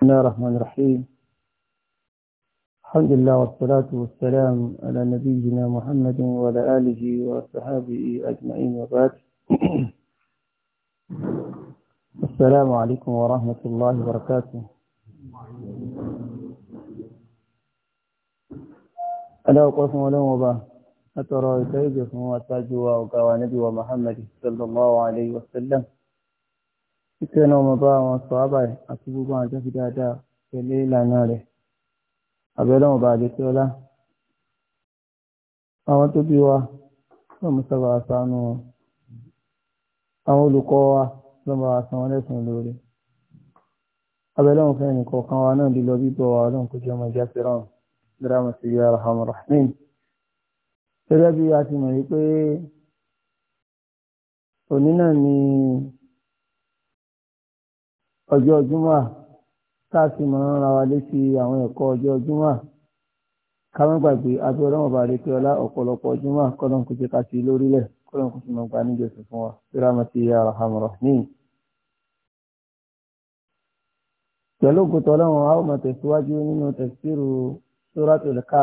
بسم الله الرحمن الرحيم الحمد لله والصلاة والسلام على نبينا محمد وعلى آله وصحابه أجمعين وبعد السلام عليكم ورحمة الله وبركاته ألا أقف ولو وبا أترى كيف هو تاجوا وكوانبي ومحمد صلى الله عليه وسلم kíkẹ́ náà mo bá àwọn sọ àbàyè àti gbogbo àwọn àjọṣe dáadáa tẹ̀lé ìlànà rẹ̀ àbẹ́lẹ́ wọn bá àdékẹ́ ọlá àwọn tó bí wa náà mo sábà sànù wọn àwọn olùkọ́ wa ló bá wa san wọn lẹ́sùn lórí àbẹ́lẹ́ wọn fẹ́ẹ́ nìkan kan wa náà lílọ bíbọ̀ wa ọlọ́run kó jẹ́ ọmọ ìjà fẹ́ràn dírámà sí yàrá hamar rahman gẹ́gẹ́ bí a ti mọ̀ yìí pé òní náà ni ọjọ́ júmọ́ tá a sì máa ń ra wa létí àwọn ẹ̀kọ́ ọjọ́ júmọ́ ká má gbàgbé abẹ́ ọlọ́run bá rí pé ọlá ọ̀pọ̀lọpọ̀ júmọ́ kọ́lọ́n kò ṣe ká sí lórílẹ̀ kọ́lọ́n kò sì máa gba níjọsìn fún wa bí rámọ́ ti yá ara hàmọ́rọ̀ níyì. pẹ̀lú ògùntàn ọlọ́run a ó máa tẹ̀síwájú nínú tẹ̀síru sóràtò lẹ́kà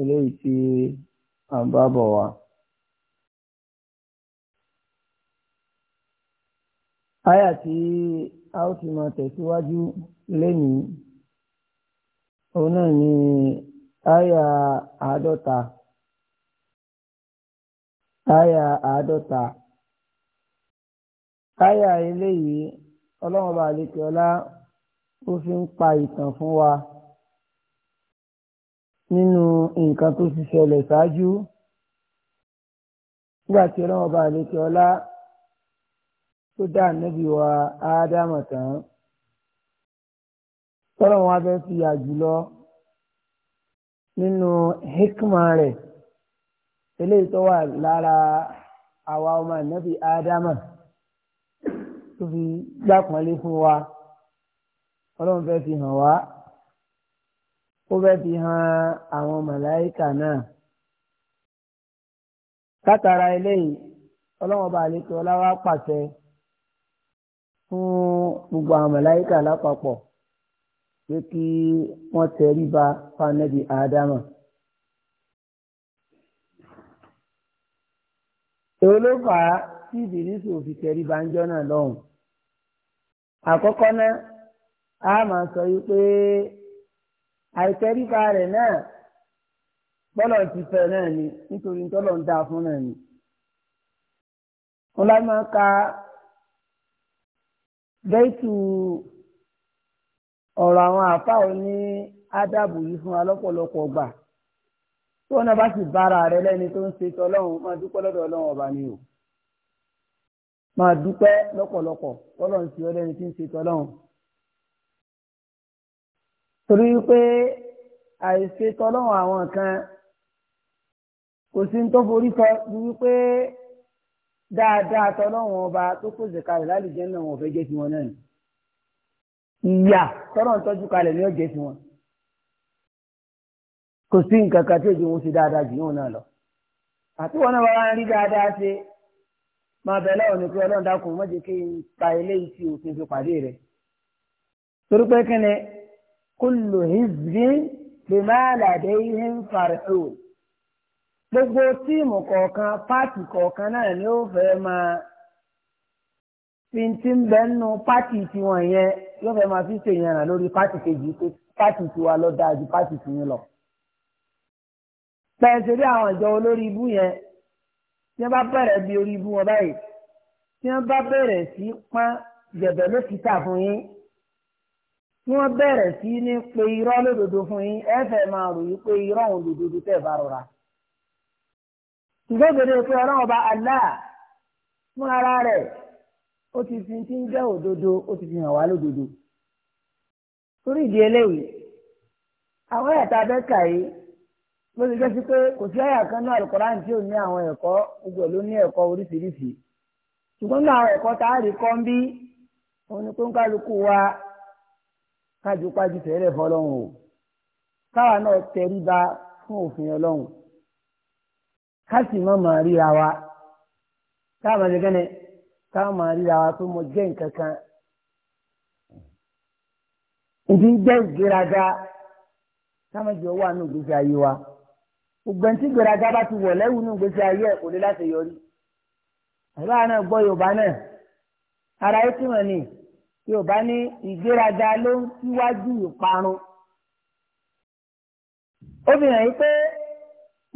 eléyìí tí à ń bá bọ̀ wá. Aya tí a ó ti máa tẹ̀síwájú lẹ́yìn òun náà ni aya àádọ́ta. aya àádọ́ta. aya eléyìí ọlọ́run bá àlekè ọlá ó fi ń pa ìtàn fún wa nínú nǹkan tó ti ṣẹlẹ̀ ṣáájú. Nígbà tí ọlọ́run bá àlekè ọlá tó dá ànábì wa ádámà tán tọ́lọ́ wọn fẹ́ fi àjùlọ nínú hikma rẹ̀ eléyìí tó wà lára àwa ọmọ ànábì ádámà tó fi gbàpọ́nlé fún wa ọlọ́run fẹ́ fi hàn wá ó fẹ́ fi hàn àwọn màláìkà náà látara eléyìí ọlọ́run ọba àlejò ọlá wa pàṣẹ fún gbogbo àwọn màláíkà lápapọ̀ pé kí wọ́n tẹríba fanabi Ádámà. èwo ló fà á tí ìbílísì ò fi tẹríba ń jọ́nà lọ́hùn. àkọ́kọ́ náà a máa sọ yìí pé àìtẹríba rẹ̀ náà bọ́lọ̀ ti fẹ́ náà ni nítorí tọ́lọ̀ ń dáa fún náà ni. wọ́n lá máa ka bẹ́ẹ̀tù ọ̀rọ̀ àwọn àáfàá ò ní ádàbò yìí fún wa lọ́pọ̀lọpọ̀ ọgbà tí wọn náà bá sì bára rẹ lẹ́ni tó ń ṣe tọ́lọ́run máa dúpẹ́ lọ́dọ̀ ọlọ́run ọba ni o máa dúpẹ́ lọ́pọ̀lọpọ̀ tọ́lọ́run sí ọ lẹ́ni tí ń ṣe tọ́lọ́run torí pé àìṣe tọ́lọ́run àwọn kan kò sí ní tó forí sọ wípé dáadáa tọ́lọ́wọ́n ọba tó pèsè kalẹ̀ lálùjẹ́ náà wọn fẹ́ jẹ́ sí wọn náà ni ìyà tọ́lọ́ ń tọ́jú kalẹ̀ ní ọ̀jẹ́ sí wọn kò sí nǹkan kan tí èdè wọn ṣe dáadáa jù yóò náà lọ àti wọn náà wá rí dáadáa ṣe máa bẹ̀ lọ́wọ́ ni pé ọlọ́run dákun má kí n pa eléyìí tí òfin fi pàdé rẹ̀ torí pé kí ni kullu hizbin bima ladayhim farihun gbogbo tíìmù kọ̀ọ̀kan pátì kọ̀ọ̀kan náà ni ó fẹ́ máa fi ti ń bẹ nínú pátì tiwọn yẹn yóò fẹ́ máa fi ṣèyànnà lórí pátì kejì pé pátì tiwa lọ dáa ju pátì tiyín lọ. pẹ̀sì rí àwọn ìjọ olórí ibú yẹn tí wọ́n bá bẹ̀rẹ̀ bí orí ibú wọn báyìí tí wọ́n bá bẹ̀rẹ̀ sí pọ́n jẹ̀bẹ̀ ló fún yín tí wọ́n bẹ̀rẹ̀ sí ní pe irọ́ lódodo fún yín ẹ fẹ́ máa rò yí pé irọ́ òun lòdodo tẹ̀ bá rọra ṣùgbọ́n ìbéèrè pé ọlọ́run ọba Allah fún ara rẹ̀ ó ti fi ti ń jẹ́ òdodo ó ti fi hàn wá lódodo. torí ìdí eléyìí àwọn ẹ̀ta bẹ́ẹ̀ka yìí ló ti jẹ́ pé kò sí àyà kan náà Al-Qur'an tí ò ní àwọn ẹ̀kọ́ gbogbo ló ní ẹ̀kọ́ oríṣiríṣi ṣùgbọ́n ní àwọn ẹ̀kọ́ tá a rí kọ́ ń bí òun ni pé ń kálukú wa kájú pájú fẹ́rẹ̀ fọlọ́run o káwa náà tẹríba fún òfin ọlọ́run. Kasi sì má máa ríra wa ká máa ṣe kẹ́ni ká máa ríra wa mo jẹ́ nǹkan kan. ìdí ń jẹ́ ìgbéraga ká má jẹ́ owó àánú wa. gbogbo ẹni tí ìgbéraga bá ti wọ̀ lẹ́wù ní ìgbésí ayé ẹ̀ kò lè láti yọrí. àbá náà gbọ́ yorùbá náà ara ẹ túmọ̀ ni yorùbá ní ìgbéraga ló ń síwájú ìparun. ó fi pé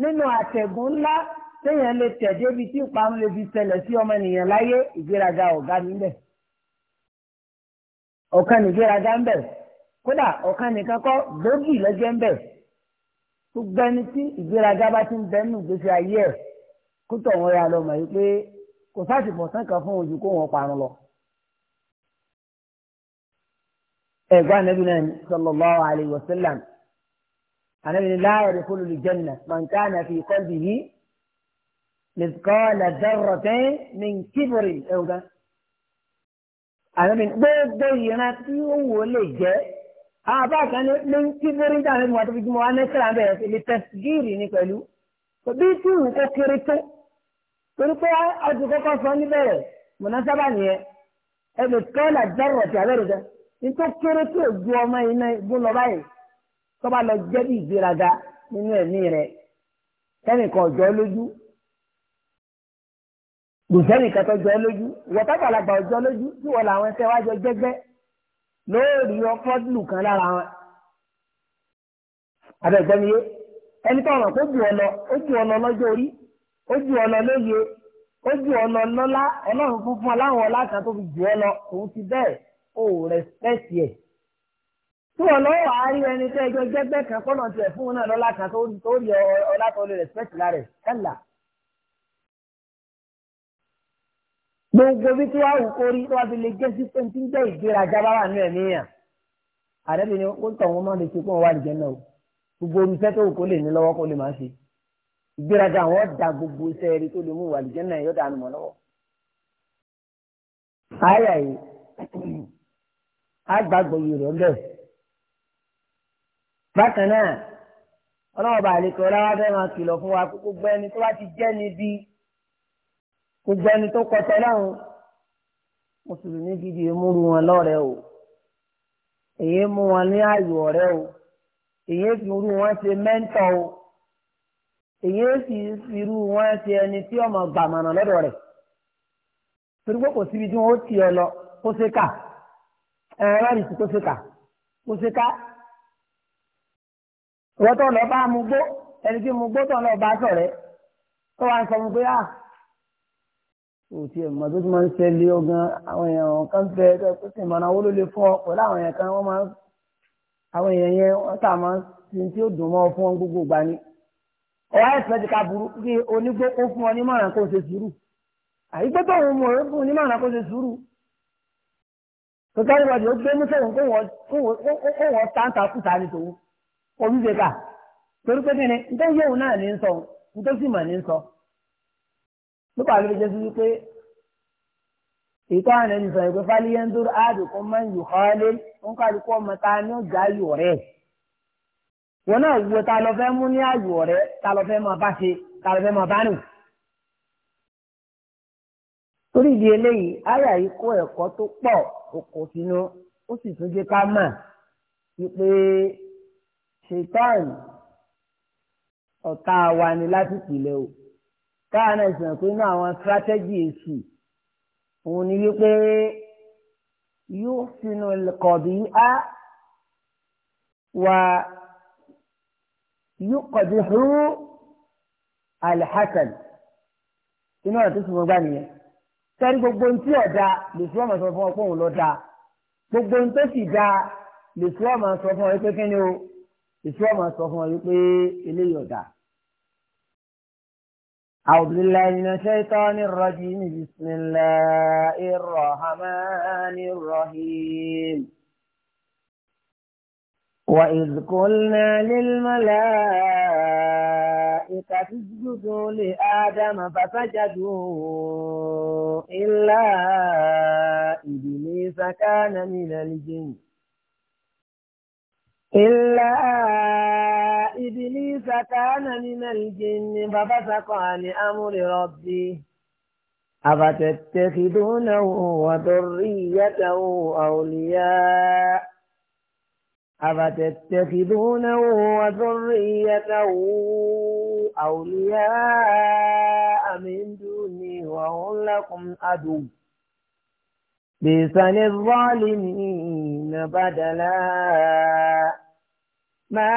nínú àtẹ̀gùn ńlá téèyàn lè tẹ̀ débi tí ìparun lè fi ṣẹlẹ̀ sí ọmọnìyàn láyé ìgbéraga ọ̀gá níbẹ̀ ọ̀kan nìgbéraga ń bẹ̀ kódà ọ̀kan nìkan kọ́ gbòógì lọ́jọ́ ń bẹ̀ gbogbo ẹni tí ìgbéraga bá ti ń bẹ nínú ìgbésí ayé ẹ̀ kó tọ̀ wọ́n ya lọ yìí pé kò sáàtì bọ̀sán kan fún ojú kó wọn parun lọ. ẹ̀gbọ́n Ànábì náà sallallahu alaihi ànábi ní láàyè rẹ̀ fúlùlù jẹ́nà mọ̀nkánà fi kọ́lbì yìí mìsíkọ́ọ̀lá dẹ́rọ̀tẹ́ ní kíbìrì ẹ̀wùgá. ànábi gbogbo ìran tí ó wò lè jẹ́ àbá kan ní kíbìrì dáhùn ní wàtí fìdí mọ́ wá mẹ́tẹ́rà bẹ́ẹ̀ fi lè tẹ̀sígìrì ní pẹ̀lú. bí tí wù kó kiri tó torí pé ọdún kọ́kọ́ sọ níbẹ̀rẹ̀ mọ̀nàsábà nìyẹn ẹ̀ mìsíkọ́ọ̀lá dẹ́rọ̀tẹ́ àbẹ̀rẹ̀ tó bá lọ jẹ́ bí ìgbéraga nínú ẹ̀mí rẹ̀ sẹ́nìkan ọ̀jọ́ lójú kò sẹ́nìkan tó jọ lójú wọ́tàgbàlagbà ọjọ́ lójú tí wọ́n làwọn ẹsẹ̀ wájọ jẹ́gbẹ́ lóòrì ọfọ́dúnlù kan lára wọn. abẹ́gbẹ́miyé ẹni tó ọ̀nà kó ju ọ̀nà ó ju ọ̀nà lọ́jọ́ orí ó ju ọ̀nà lóye ó ju ọ̀nà lọ́lá ọlọ́run fún fún ọlá kan tó fi jù ọ lọ òun ti bẹ́ẹ̀ ó rẹ̀ fẹ́ẹ̀sì ẹ̀ tí wọ́n lọ́wọ́ wà á rí ẹni tẹ́ ẹjọ́ jẹ́gbẹ́ kan kọ́nà tiẹ̀ fún un náà lọ́la kan tó rí ọlá tó lè respect lára ẹ̀ kálá. gbogbo bí tí wàá wù kó rí wàá fi lè jẹ́ sí pé tí ń jẹ́ ìgbéra jábá wà nínú ẹ̀mí yàn. àdẹ́bí ni ó ń tọ̀ wọ́n máa lè ṣe kó wọ́n wà lè jẹ́ náà o gbogbo olùfẹ́ tó wù kó lè ní lọ́wọ́ kó lè máa ṣe. ìgbéraga àwọn da gbogbo iṣẹ́ rí tó lè mú wà lè jẹ́ náà yóò dànù mọ́ lọ́wọ́. àyà yìí á yìí rẹ̀ bẹ́ẹ̀ bákan náà ọlọ́wọ́ bá àlekọ́ ọlọ́wọ́ fẹ́ máa kìlọ̀ fún wa kó gbọ́ ẹni tó bá ti jẹ́ ni bí kó gbọ́ ẹni tó kọ́ tẹ́lọ́run mùsùlùmí gidi múru wọn lọ́rẹ̀ o èyí mú wọn ní ààyò ọ̀rẹ́ o èyí fi irú wọn ṣe mẹ́ńtọ̀ o èyí fi irú wọn ṣe ẹni tí ọmọ gbàmọ̀nà lọ́dọ̀ rẹ̀ torí pé kò síbi tí wọn ó tì ọ lọ kó ṣe kà ẹ̀rọ ìsìn kó ṣe kà kó ṣe kà wọ́n tó lọ bá mu gbó ẹni tí mu gbó tó lọ bá sọ̀rẹ́ tó wá ń sọ mu pé à ah, kò tiẹ̀ mọ̀ tó ti máa ń ṣẹlẹ̀ ọ̀gán àwọn èèyàn kan fẹ́ tó sì mọ̀ náà wọ́n ló lè fọ́ pẹ̀lú àwọn èèyàn kan wọ́n máa ń àwọn èèyàn yẹn wọ́n sà máa ń sin tí ó dùn mọ́ fún wọn gbogbo ìgbà ni ọ̀rọ̀ ẹ̀sìn ti ka burú kí onígbó kó fún ọ nímọ̀ràn kó ṣe sùúrù àyíkó tó ń mú ọ fún onímọ̀ràn kó ṣe sùúrù tó kárí ó gbé mú kó wọ́n táǹtà kùtà ní tòun oríṣi ká torí pé kíni nítorí yóò náà ní sọ nítorí sì mà ní sọ nípa àlọ́ ìjẹ́ sí wípé ìtọ́ àná ní sọ ìpè fáliyé ń dúró àdùkún máa ń yù kọ́lé ń kálukú ọmọ ta ni ó já yù ọ̀rẹ́ wọn náà wo ta lọ fẹ́ mú ní àyù ọ̀rẹ́ ta lọ fẹ́ máa bá ṣe ta lọ fẹ́ máa bá nù torí ìdí eléyìí àyà yìí kó ẹ̀kọ́ tó pọ̀ kò sínú ó sì tún jẹ́ ká mà wípé ṣètàn ọ̀tá wa ni láti pìlẹ̀ o káà náà sì hàn pé inú àwọn strategy èsì òun ni wípé yóò sínú kọ̀bí á wà yóò kọ̀bí hú alhassan inú ọ̀rọ̀ tó sì mọ́ gbà nìyẹn sẹ́ni gbogbo ohun tí ọ̀dà lè fi ọmọ sọ fún ọ pé òun lọ dáa gbogbo ohun tó sì dáa lè fi ọmọ sọ fún ọ pé kí ni o ìfẹ́ ọmọ sọ fún ọ yìí pé eléyìí ọ̀dà. أعوذ بالله من الشيطان الرجيم بسم الله الرحمن الرحيم وإذ قلنا للملائكة اسجدوا لآدم فسجدوا إلا إبليس كان من الجن إلا إبليس كان من الجن ففسق عن أمر ربه أفتتخذونه وذريته أولياء أفتتخذونه وذريته أولياء من دوني وهم لكم عدو بئس للظالمين بدلا ما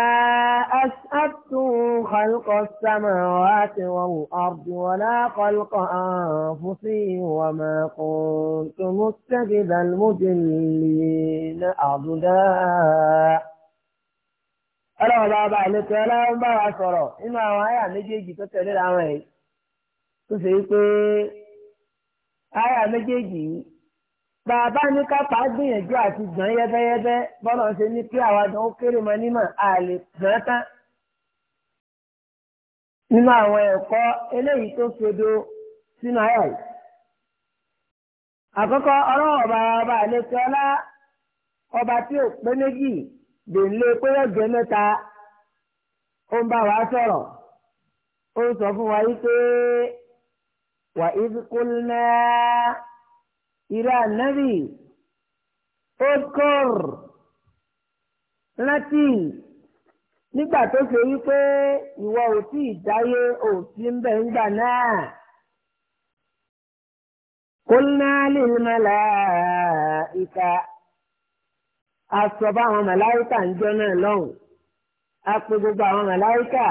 أشأتم خلق السماوات والأرض ولا خلق أنفسي وما كنت متخذ المجلين أضداء ọlọ́run bá bá àlékún ọlọ́run bá wa sọ̀rọ̀ nínú àwọn àyà méjèèjì tó tẹ̀lé àwọn ẹ̀ tó ṣe wípé àyà méjèèjì yìí bàbá ní kápá gbìyànjú àti gbọ̀n yẹ́bẹ́yẹ́bẹ́ bọ́lá ń ṣe ní pé àwa gan ó kéré mọ nímọ̀ àlè gbọ̀n tán. nínú àwọn ẹ̀kọ́ eléyìí tó sodo sínú ayọ̀ yìí. àkọ́kọ́ ọlọ́wọ́ bàbá àlejò ọlá ọba tí ò pé méjì dèlé pé ọ̀jẹ̀ mẹ́ta ó ń bá wa sọ̀rọ̀ ó sọ fún wa yìí pé wà á náà ìrẹ́ ànábì ó kọ́r rántí nígbà tó ṣe wípé ìwọ ò tí ì dáyé ò sí ń bẹ̀ ńgbà náà. قلنا للملائكة asọ̀bá àwọn màláíkà ń jọ náà lọ́hùn a gbogbo àwọn màláíkà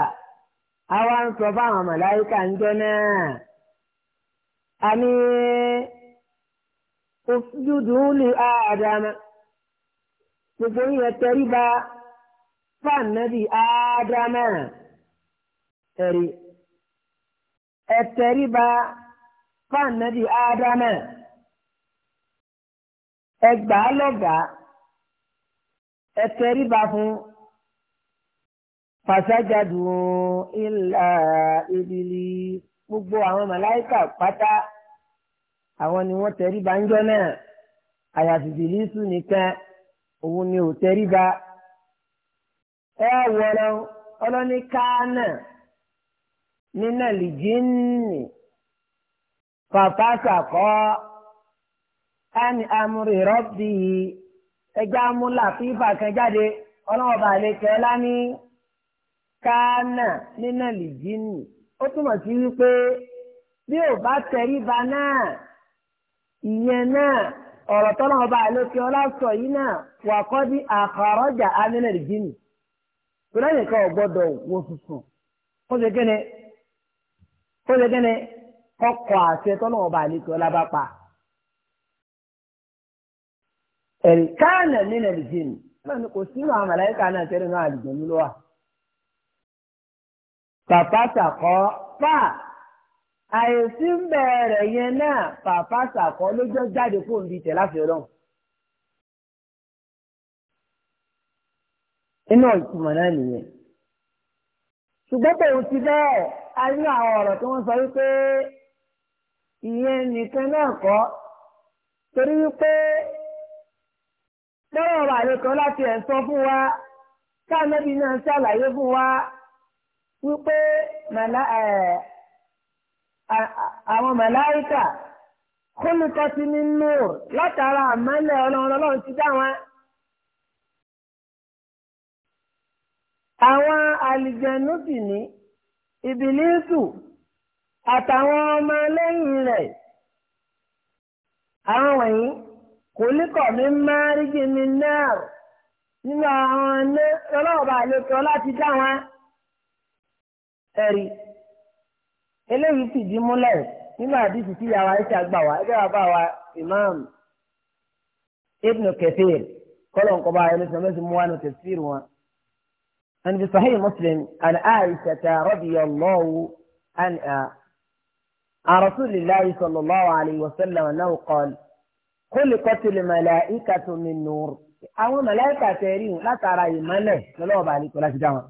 a ń sọ bá àwọn màláíkà ń jọ náà a ní òsúdùdù lè àdàmà gbogbo yẹn tẹríba fànàbì àdàmà ẹ̀rí ẹ̀tẹríba fànàbì àdàmà ẹgbàá lọ́gàá ẹ̀tẹríba fún fàṣájàdù ìlà ìbílí gbogbo àwọn màláìkà pátá àwọn ni wọ́n tẹrí ba ńjọ́ náà àyàfi bìlísù nìkan òun ni ò tẹrí ba ẹ wọ̀rọ̀ ọlọ́ni káánà nínà lìjínì fàfàṣàkọ́ ẹni amúrè rọ́bì ẹjẹ́ amúlà fífà kan jáde ọlọ́wọ́ balẹ̀ kẹ́lá ní káánà nínà lìjínì ó túmọ̀ sí wípé bí ò bá tẹrí ba náà ìyẹn náà ọ̀rọ̀ tọ́lá ọba àlòkè ọlásọ yìí náà wà kọ́ di àkàrọ́jà amínà rìjìnì tó lẹ́yìn kan ọ̀gbọ́dọ̀ wo sùsùn ó ṣe kéne ó ṣe kéne kọ́kọ́ àṣẹ tọ́lá ọba àlòkè ọlá pa. ẹ̀rí káànà nínà rìjìnì lọ́nà kò sínú àwọn náà tẹ́lẹ̀ náà àlùjọ nílò wa. bàbá sàkọ́ fáà. àìsí ń bẹ̀rẹ̀ yẹn náà pàpà sàkọ́ lójó jáde fóun bíi tẹ̀ láti ọlọ́run. inú ìtumọ̀ náà nìyẹn. ṣùgbọ́n tòun ti bẹ́ẹ̀ a ní àwọn ọ̀rọ̀ tí wọ́n sọ wípé ìyẹn nìkan náà kọ́ torí wípé lọ́wọ́ wà lẹ́kọ̀ọ́ láti ẹ̀ sọ fún wa káàmẹ́bí náà ṣàlàyé fún wa wípé màlá ẹ̀. àwọn màláìkà kólukọ́tì nínú látara àmọ́lẹ̀ ọlọ́run ọlọ́run ti dá wọn. àwọn àlìjẹnú sì ní ìbílísù àtàwọn ọmọ lẹ́yìn rẹ̀ àwọn wọ̀nyí kòlíkọ̀ mi máa rí jìnnì náà nínú àwọn ọlọ́ọ̀bà àlejò láti dá wọn. ẹ̀rí eléyìí fìdí múlẹ̀ nínú àdìsí tí yàrá ẹ̀ṣẹ̀ àgbà wa ẹgbẹ́ wa bá wa imam ibn kathir kọ́lọ̀ ń kọ́ba ẹni sọ̀rọ̀ mẹ́sìn mú wa ní tafsir wọn. an bi sahih muslim an aisha ta radiyallahu an a rasulillahi sallallahu alayhi wa sallam annahu qala khuliqat al-mala'ikatu min nur àwọn màláìkà tẹ̀rí látara ìmọ́lẹ̀ lọ́wọ́ bá a ní kọ́lá ti dá wọn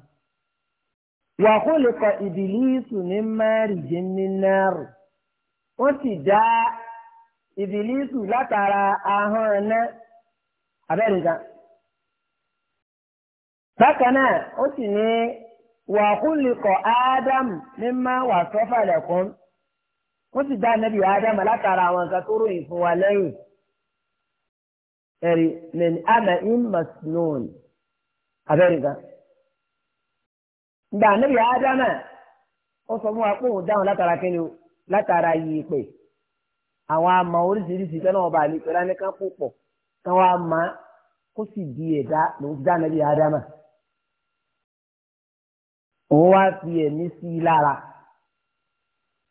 wà kó lè kọ ìbìlísù ní márìjìn ní náírà wọ́n sì dá ìbìlísù látara ahọ́n ẹ̀ná abẹ́rẹ́gà. bákan náà ó sì ní wà kó lè kọ ádámù ní má wà sọ́fà lẹ́kùn wọ́n sì dá nàbí ádámù látara àwọn nǹkan tó ròyìn fún wa lẹ́yìn. ẹ̀rí mẹ́ni àmà ìmọ̀ sinúùn abẹ́rẹ́gà gbà níbi ádámà ó sọ fún wa pé òun dáhùn látara kí ni o látara yìí pé àwọn àmà oríṣiríṣi tẹ́lẹ̀ wọn bá lè pẹ́ lánàá kan kó kó sì di ẹ̀dá ló dá níbi ádámà òun wá fi ẹ̀mí sí i lára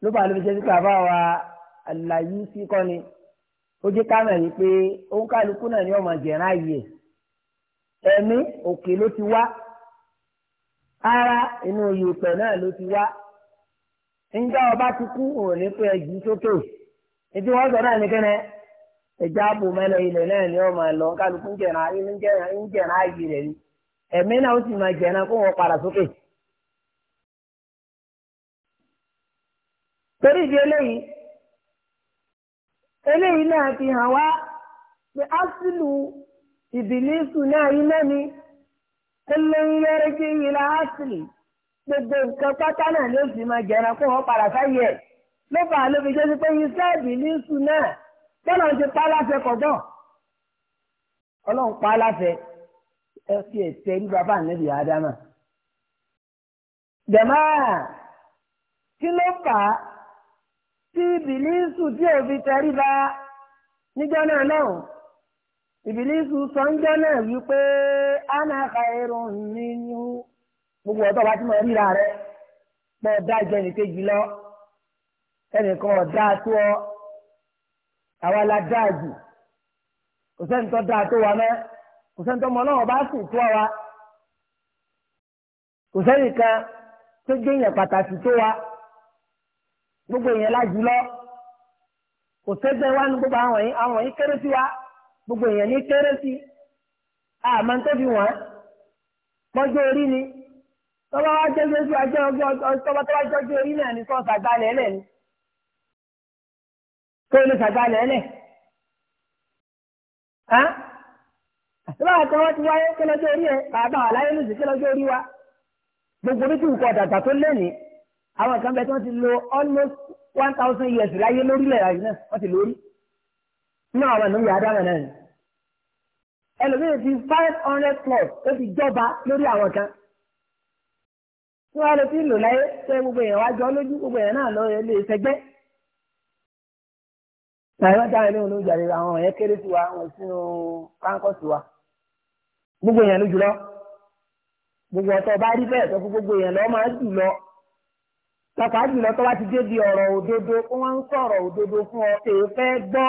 ló bá lóbi jẹ́ sípò wa àlàyé sí kọ́ ni ó jẹ́ ká mọ̀ wípé òun kálukú náà ni ọmọ jẹ̀rán ayé ẹ̀mí òkè ló ti wá. ara inú yèèpẹ̀ náà ló ti wá ọba ti kú òun ní pé ẹjì sókè ètò wọn sọ náà ní kẹnẹ ẹjẹ ààbò mẹlẹ náà ni wọn máa lọ kálukú ń jẹrán ayé ń jẹrán ń jẹrán ayé rẹ ni ẹ̀mí náà ó sì máa jẹrán kó wọn padà sókè. torí ìdí eléyìí eléyìí fi hàn wá pé náà kullum yarji ila asli gbogbo nǹkan pátá ló sì máa jẹran kó wọn padà sáyẹ ló fà á ló fi jẹ́sí pé iṣẹ́ ìbílísù náà ti pa láṣẹ kọ̀dọ̀ ọlọ́run pa láṣẹ ẹ fi bàbá ànẹ́bí kí ló fà á tí ìbílísù sọ́njọ́ náà wípé ana khairun minhu gbogbo ọ̀tọ̀ bá ti mọ̀ ríra rẹ̀ pọ̀ dá ìjọ ẹnìkejì lọ ẹnìkan ọ̀dá tó ọ àwa la dáa jù kò sẹ́ni tó dáa tó wa mẹ́ kò sẹ́ni tó mọ náà bá sì tó wa kò sẹ́ni kan tó gbẹ̀yìn pàtàkì tó wa gbogbo èèyàn la jù lọ kò sẹ́gbẹ́ wa ní gbogbo àwọn yìí àwọn yìí kéré sí wa gbogbo èèyàn ní kéré sí àmọ́ tó fi wọ́n mọ́jọ́ orí ni tọ́ba wá jẹ́ jésù ajẹ́ tọ́ba tọ́ba jọ́jọ́ orí náà ní sọ́ọ̀sì àgbálẹ̀ ẹlẹ̀ ni tó lè sàgbálẹ̀ ẹlẹ̀ tọ́ba àti wọn ti wáyé kẹlẹ́jọ́ orí ẹ bàbá àláyé lùsì kẹlẹ́jọ́ orí wa gbogbo bí kì í kọ dàgbà tó lẹ́ni àwọn kan bẹ tí wọ́n ti lo almost one thousand years láyé lórílẹ̀ ayé náà wọ́n ti lórí nínú àwọn ìnáwó yàrá náà náà ni ẹlòmíràn fi five hundred plus ó fi jọba lórí àwọn kan tí wọ́n lè fi lò láyé pé gbogbo èèyàn wá jọ lójú gbogbo èèyàn náà lọ ilé ìfẹ́gbẹ́. Àìwá táwọn ilé olóòjì àrẹ àwọn ọ̀yẹ́ kéré sí wa àwọn ìsinú káńkọ́sì wa. Gbogbo èèyàn ló jùlọ. Gbogbo ọ̀tọ̀ bá rí bẹ́ẹ̀ sọ fún gbogbo èèyàn lọ́ máa jù lọ. Pàpà jùlọ tó bá ti dé di ọ̀rọ̀ òdodo, wọ́n ń sọ̀rọ̀ òdodo fún ọ, èèfẹ́ gbọ́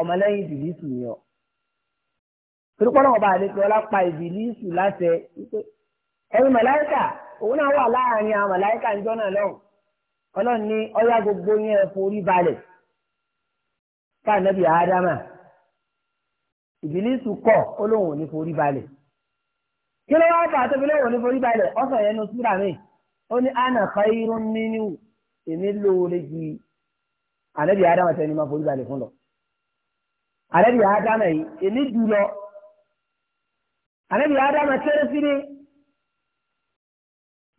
ọmọlẹ́yìn dìbìtì yàn torípọ́n náà ọba àlejò ọlá pa ìbílísù láṣẹ wípé ẹ̀yin màláìkà òun náà wà láàrin àwọn màláìkà níjọ́ náà lọ́hùn ọlọ́run ní ọyá gbogbo yẹn forí balẹ̀ fáànẹ́bí àádámà ìbílísù kọ̀ ó lóun ò ní forí balẹ̀ kí ló wáá fà á tóbi lóun ò ní forí balẹ̀ ọ̀sán yẹn nu súrà mi ó ní ànà khairun minhu èmi lóore ju ànẹ́bí àádámà tẹni máa forí balẹ̀ fún lọ ànẹ́bí àádámà yìí èmi jù lọ àlejò ádámà kéré sí ni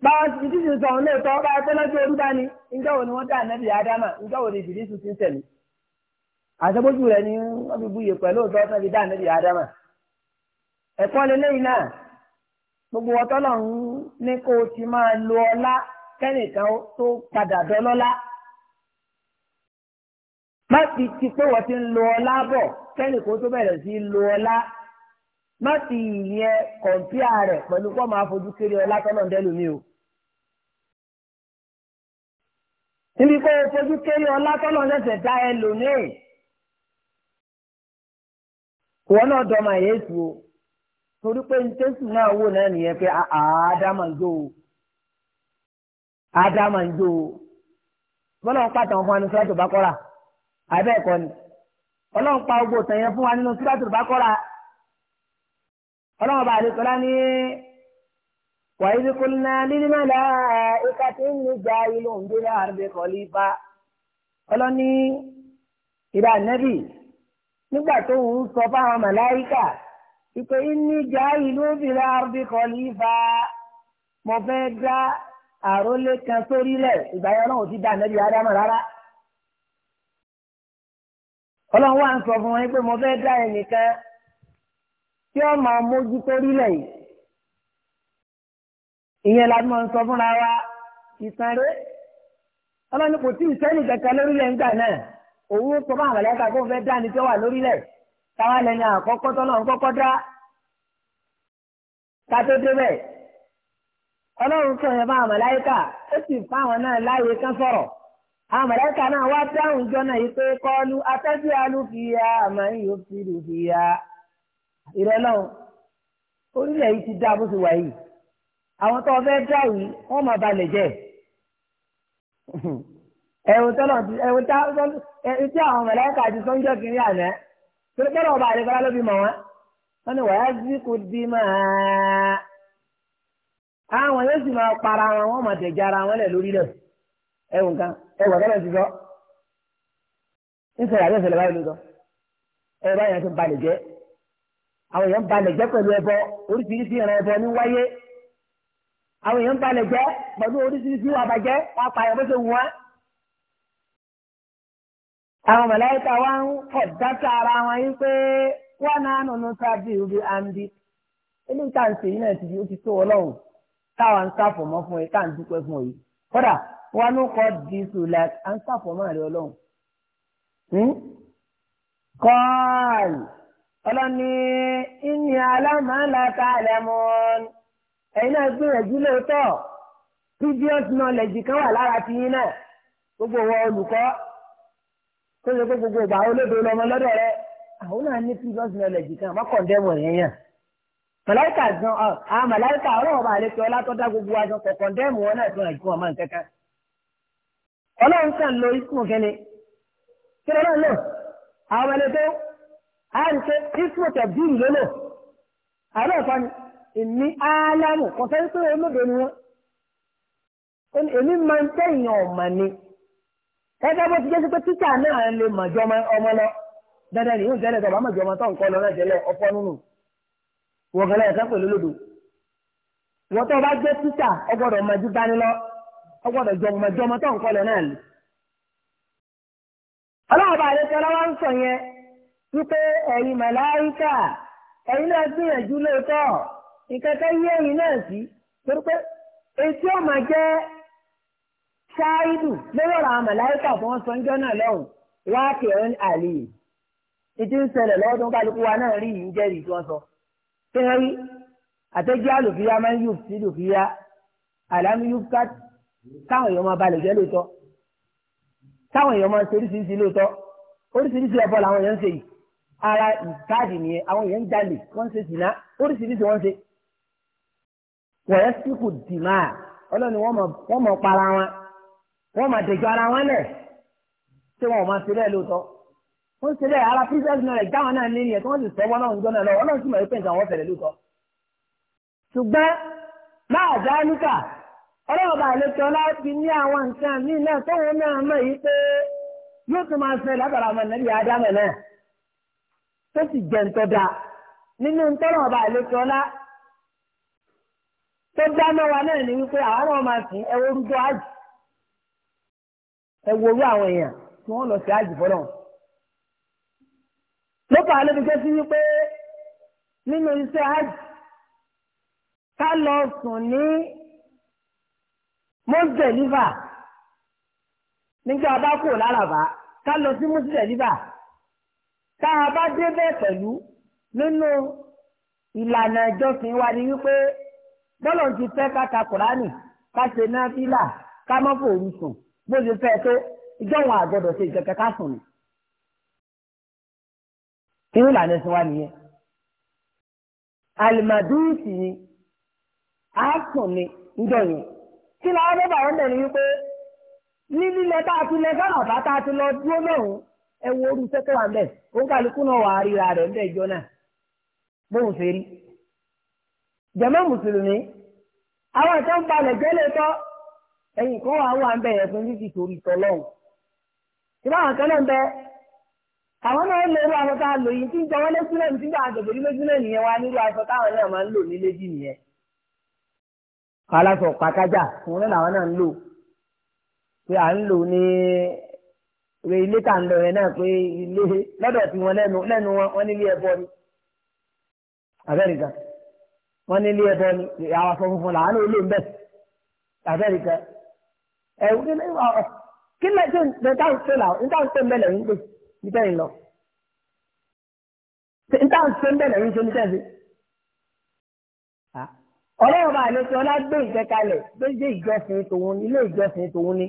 báwọn ti ti sọ ọ̀hún lè tọ́ báyìí pẹ́lẹ́ tó orí bá ní níjọ́ wo ni wọ́n dá ànábì ádámà níjọ́ wo ni ìbílísù ti ń tẹ̀lé àṣepójú rẹ̀ ni wọ́n fi buyè pẹ̀lú òótọ́ tó fi dá ànábì ádámà ẹ̀kọ́ lélẹ́yìn náà gbogbo ọtọ́ náà ń ní kó o ti máa lo ọlá kẹ́nìkan tó padà dọ́lọ́lá má ti ti pé wọ́n ti ń lo ọlá bọ̀ kẹ́nìkan tó bẹ̀rẹ̀ sí lo ọlá má ti ìyẹn kọ̀ǹpíà rẹ̀ pẹ̀lú kó máa fojú kéré ọ látọ̀ náà dẹ́lu mi o. níbi kó o fojú kéré ọ látọ̀ náà ṣẹ̀ṣẹ̀ dá ẹ lónìí. wọn náà dọ́mọ yéésù o torí pé jésù náà wò náà nìyẹn pé àádámà ń jó o àádámà ń jó o bọ́lá ń pàtàkùn fún anusílátò bá kọ́ra àbẹ́ẹ̀kọ́ ni ọlọ́run pa ogbó tẹ̀yẹ fún wa nínú sílátò kọ́ra ọlọ́run bá àdéhùn sọlá ní wàyí kúlná lílí mẹ́la ìka tí ń gba ìlú òǹdílé àrùbẹ̀ kọ́lífà ọlọ́ni ìdá nẹ́bì nígbà tó ń sọ fáwọn màláìkà ìpè ní gba ìlú òǹdílé àrùbẹ̀ kọ́lífà mo fẹ́ dá àrólé kan sórílẹ̀ ìgbà yẹn ọlọ́run ti dá nẹ́bì ádámà rárá ọlọ́run wà ń sọ fún wọn pé mo fẹ́ dá ẹnìkan tí ó máa mójútó rílẹ̀ yìí ìyẹn la máa ń sọ fúnra wa ìsanré ọlọ́ni kò tí ì sẹ́ni kankan lórílẹ̀ ńgbà náà òun sọ fún àwọn ẹ̀ka kó fẹ́ dání tí ó wà lórílẹ̀ táwa lẹ́ni àkọ́kọ́ tọ́lọ́ ń kọ́kọ́ dá ká tó débẹ̀ ọlọ́run sọ yẹn fún àwọn màláíkà ó sì fún àwọn náà láàyè kan sọ̀rọ̀ àwọn màláíkà náà wá dáhùn jọ náà yìí pé kọ́lu atẹ́jú alúfìyà àmọ́ yóò fi lù fìyà ìrẹ́lọ́ orílẹ̀ yìí ti dá bó ti wà yìí àwọn tó fẹ́ dá yìí wọ́n máa balẹ̀ jẹ́ ẹ̀wọ̀n tọ́lọ̀ ti ẹ̀wọ̀n tá ẹ̀wọ̀n tí àwọn mẹ̀lẹ́kà àti sọ́njọ́ kiri àná tó tọ́lọ̀ ọba àdébọ́lá ló fi mọ̀ wọ́n wọ́n ní wàá sí kò di máa àwọn yóò sì máa para wọn wọ́n máa tẹ̀jà ara wọn lẹ̀ lórílẹ̀ ẹ̀wọ̀n kan ẹ̀wọ̀n tọ́lọ̀ ti sọ ń sọ̀rọ̀ àbẹ́sẹ̀lẹ̀ báyìí ló sọ ẹ̀rọ báyìí àwọn èèyàn balẹ̀ jẹ́ pẹ̀lú ẹbọ oríṣiríṣi ìran ẹbọ ní wáyé àwọn èèyàn balẹ̀ jẹ́ pẹ̀lú oríṣiríṣi ìwà bàjẹ́ wọn apá ẹ̀ bó ṣe wù wọ́n. àwọn mọ̀lẹ́ta wa ń kọ̀ dáta ara wọn yín pé wọ́n náà nùnú sábì ibi àǹdí inú tá à ń sèyí náà ti di ó ti tó ọlọ́run táwa ń sáfọ̀mọ́ fún ẹ tá ń dúpẹ́ fún ẹ kódà wọn ló kọ́ di sùlá à ń rẹ ọlọ́run. Hmm? kọ́ọ̀lù ọlọ́ni ìní alámàlàkà lẹ́mọ́n ẹ̀yin náà gbìyànjú lóòótọ́ previous knowledge kan wà lára ti yín náà gbogbo wọ olùkọ́ tó yẹ kó gbogbo ìgbà olódo lọmọ lọ́dọ̀ rẹ àwọn náà ní previous knowledge kan wọ́n kàn dẹ́mọ̀ yẹn yàn màláìkà gan ah, àwọn màláìkà ọlọ́wọ́ bá lè fi ọlá tó dá gbogbo wa gan kọ̀ọ̀kan dẹ́mọ̀ wọn náà fún àìkú ọmọ nǹkan kan ọlọ́run kàn lo ikú kẹ́ni kí lọ́lọ́run lò àwọn ọmọ a rí pé ismut abdul lọ́lọ́ àárẹ̀ ọ̀fà ni èmi álámù kò sẹ́ni pé olóde ni wọ́n èmi máa ń tẹ̀yìn ọ̀mà ni ẹgbẹ́ bó ti jẹ́ sí pé títà náà lè ọmọ lọ dandan ni yóò jẹ́ bá ọmọ tó ń kọ́ lọ náà nínú tó bá títà ọgbọ́dọ̀ dání lọ ọgbọ́dọ̀ jọ ọmọ tó ń kọ́ lọ náà lè. bá wípé ẹ̀yin màláíkà ẹ̀yin náà gbìyànjú lóòótọ́ nǹkan tó yé ẹ̀yin náà sí torí pé etí ó máa jẹ́ ṣááìdù lórí ọ̀rọ̀ àwọn màláíkà tí wọ́n sọ ń jọ́ náà lọ́hùn láti ẹ̀rín àlè ètí ń ṣẹlẹ̀ lọ́wọ́ tó ń kálukú wa náà rí yìí ń jẹ́rìí tí wọ́n sọ tẹ́rí àtẹ́jẹ́ àlòfíà máa ń yù sí lòfíà àlámì yù ká táwọn èèyàn máa balẹ̀ jẹ́ lóòótọ́ táwọn èèyàn máa ṣe oríṣiríṣi lóòótọ́ oríṣiríṣi ẹ̀bọ làwọn èèyàn ń ṣe yìí ara ìkáàdì nìyẹn àwọn èèyàn ń jalè wọ́n ń ṣe jìnnà oríṣiríṣi wọ́n ń ṣe. wọ̀nyẹ́ síkù dìmá ọlọ́ni wọ́n mọ̀ para wọn wọ́n mọ̀ dẹ̀jọ́ ara wọn lẹ̀ ṣé wọn ò máa ṣe bẹ́ẹ̀ lóòótọ́. wọ́n ń ṣe bẹ́ẹ̀ ara pírísẹ́sì náà rẹ̀ dáwọn náà nílẹ̀ tí wọ́n sì sọ́wọ́ náà ń jọ́ náà lọ ọlọ́run sì mọ̀ pé nǹkan wọ́n fẹ̀rẹ̀ lóòótọ́. ṣùgbọ́n máa dá níkà ọlọ́run bá lè tọ́lá ti ní àwọn nǹkan míì náà tóun náà mọ̀ yìí pé yóò tún máa ṣe látara ọmọ nàbí ádámẹ̀ náà tó sì da nínú ntọ́nà ọba àlejò ọlá tó dá mẹ́wàá náà ni wípé àwọn náà máa sìn ẹwọ́ orúkọ àjù ẹwọ́ orú àwọn èèyàn tí wọ́n lọ sí àjù fọ́nà. lópa àlejò tó wípé nínú iṣẹ́ àjù ká lọ sùn ní mọ́sẹ̀lífà nígbà bá kò lárabà ká lọ sí mọ́sẹ̀lífà tá a bá débẹ̀ pẹ̀lú nínú ìlànà ìjọsìn wa ni wípé bọ́lọ̀ ti fẹ́ ká ka kùránì ká ṣe náà fílà ká má fòrú sùn bó ṣe fẹ́ tó ìjọ́wọ̀n àgbọ̀dọ̀ ṣe ìjọkẹ́ ká sùn ni. irú ìlànà ìsìn wa nìyẹn. àlìmàdúùsì ni a sùn ni ńjọ yẹn. kí ni àwọn bàbá wọn bẹ̀rẹ̀ wípé ní lílẹ̀ tá a ti lẹ sọ́nà bá tá a ti lọ dúró lọ́hùn Ewu wo orú sẹ́tọ̀ wà bẹ́ẹ̀ òun kálukú náà wà á ríra rẹ̀ ńbẹ́ ìjọ náà bóun ṣe rí. jàmá mùsùlùmí àwọn ìtàn balẹ̀ gẹ́lẹ́ tọ́ ẹ̀yìn kan wà wà ńbẹ̀ yẹn fún títí torí tọ́lọ́hùn. ìbá àwọn kan náà ń bẹ àwọn náà ń lo irú aṣọ tá a lò yìí tí ń jọ wọ́n lẹ́sílẹ̀ ní àgbègbè wá aṣọ táwọn náà máa ń lò ní léjì nìyẹn. ìwé ilé tà ń lọ yẹn náà pé ilé lọ́dọ̀ tí wọ́n lẹ́nu lẹ́nu wọn wọ́n nílé ẹbọ ni Amẹ́ríkà wọ́n nílé ẹbọ ni àwọn afọ funfun làánú olú ń bẹ̀ Amẹ́ríkà ẹ̀ kí lẹ́ tí níta ń sọ làwọn níta ń sọ mbẹ́lẹ̀ ń pè níta ń lọ níta ń sọ mbẹ́lẹ̀ ń sọ níta ń ọlọ́run bá lè sọ ọlá gbé ìjẹ́kalẹ̀ gbé ìjọsìn tòun ilé ìjọsìn tòun ni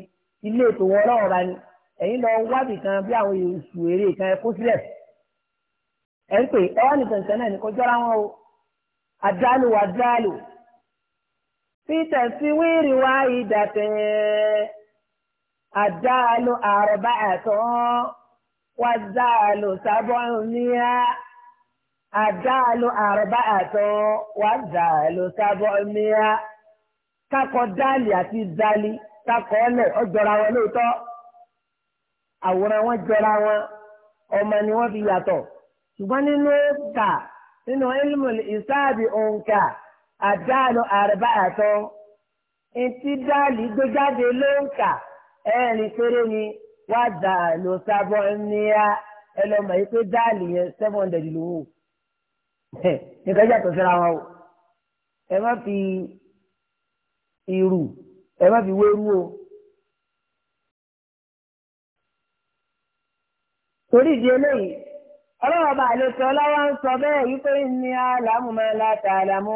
ilé tòun ọlọ́run bá ní ẹ̀yin lọ wádìí kan bí àwọn èsù eré kan ẹ kó sílẹ̀ ẹ ń pè ẹ wá ní tẹ̀sán náà ní kó jọra wọn o àdálù àdálù peter sí wíìrì wá ìdàtẹ̀ àdálù àrùbá àtàn wá dálù sábọ̀ níyà àdálù àrùbá àtàn wá dálù sábọ̀ níyà kakọ dálì àti dálì kakọ ọlẹ ọjọra wọn lóòótọ́ àwòrán wọn jọra wọn ọmọ ni wọn fi yàtọ̀ ṣùgbọ́n nínú ẹ̀ka nínú ilmu ìsáàbì òǹkà àdáàlú àrùbá àtọ́ etí dáàlì gbéjáde ló ń péré ni wà dáàlú sábọ̀ níyà ẹ lọ mọ̀ yìí pé dáàlì yẹn seven hundred ló wò nìkan yàtọ̀ síra wọn o ẹ má fi irú ẹ má fi wérú o. torí ìdí eléyìí ọlọ́wọ́ bá àlejò ọlọ́wọ́ ń sọ bẹ́ẹ̀ wípé ní àlàmú máa ń la tààlàmú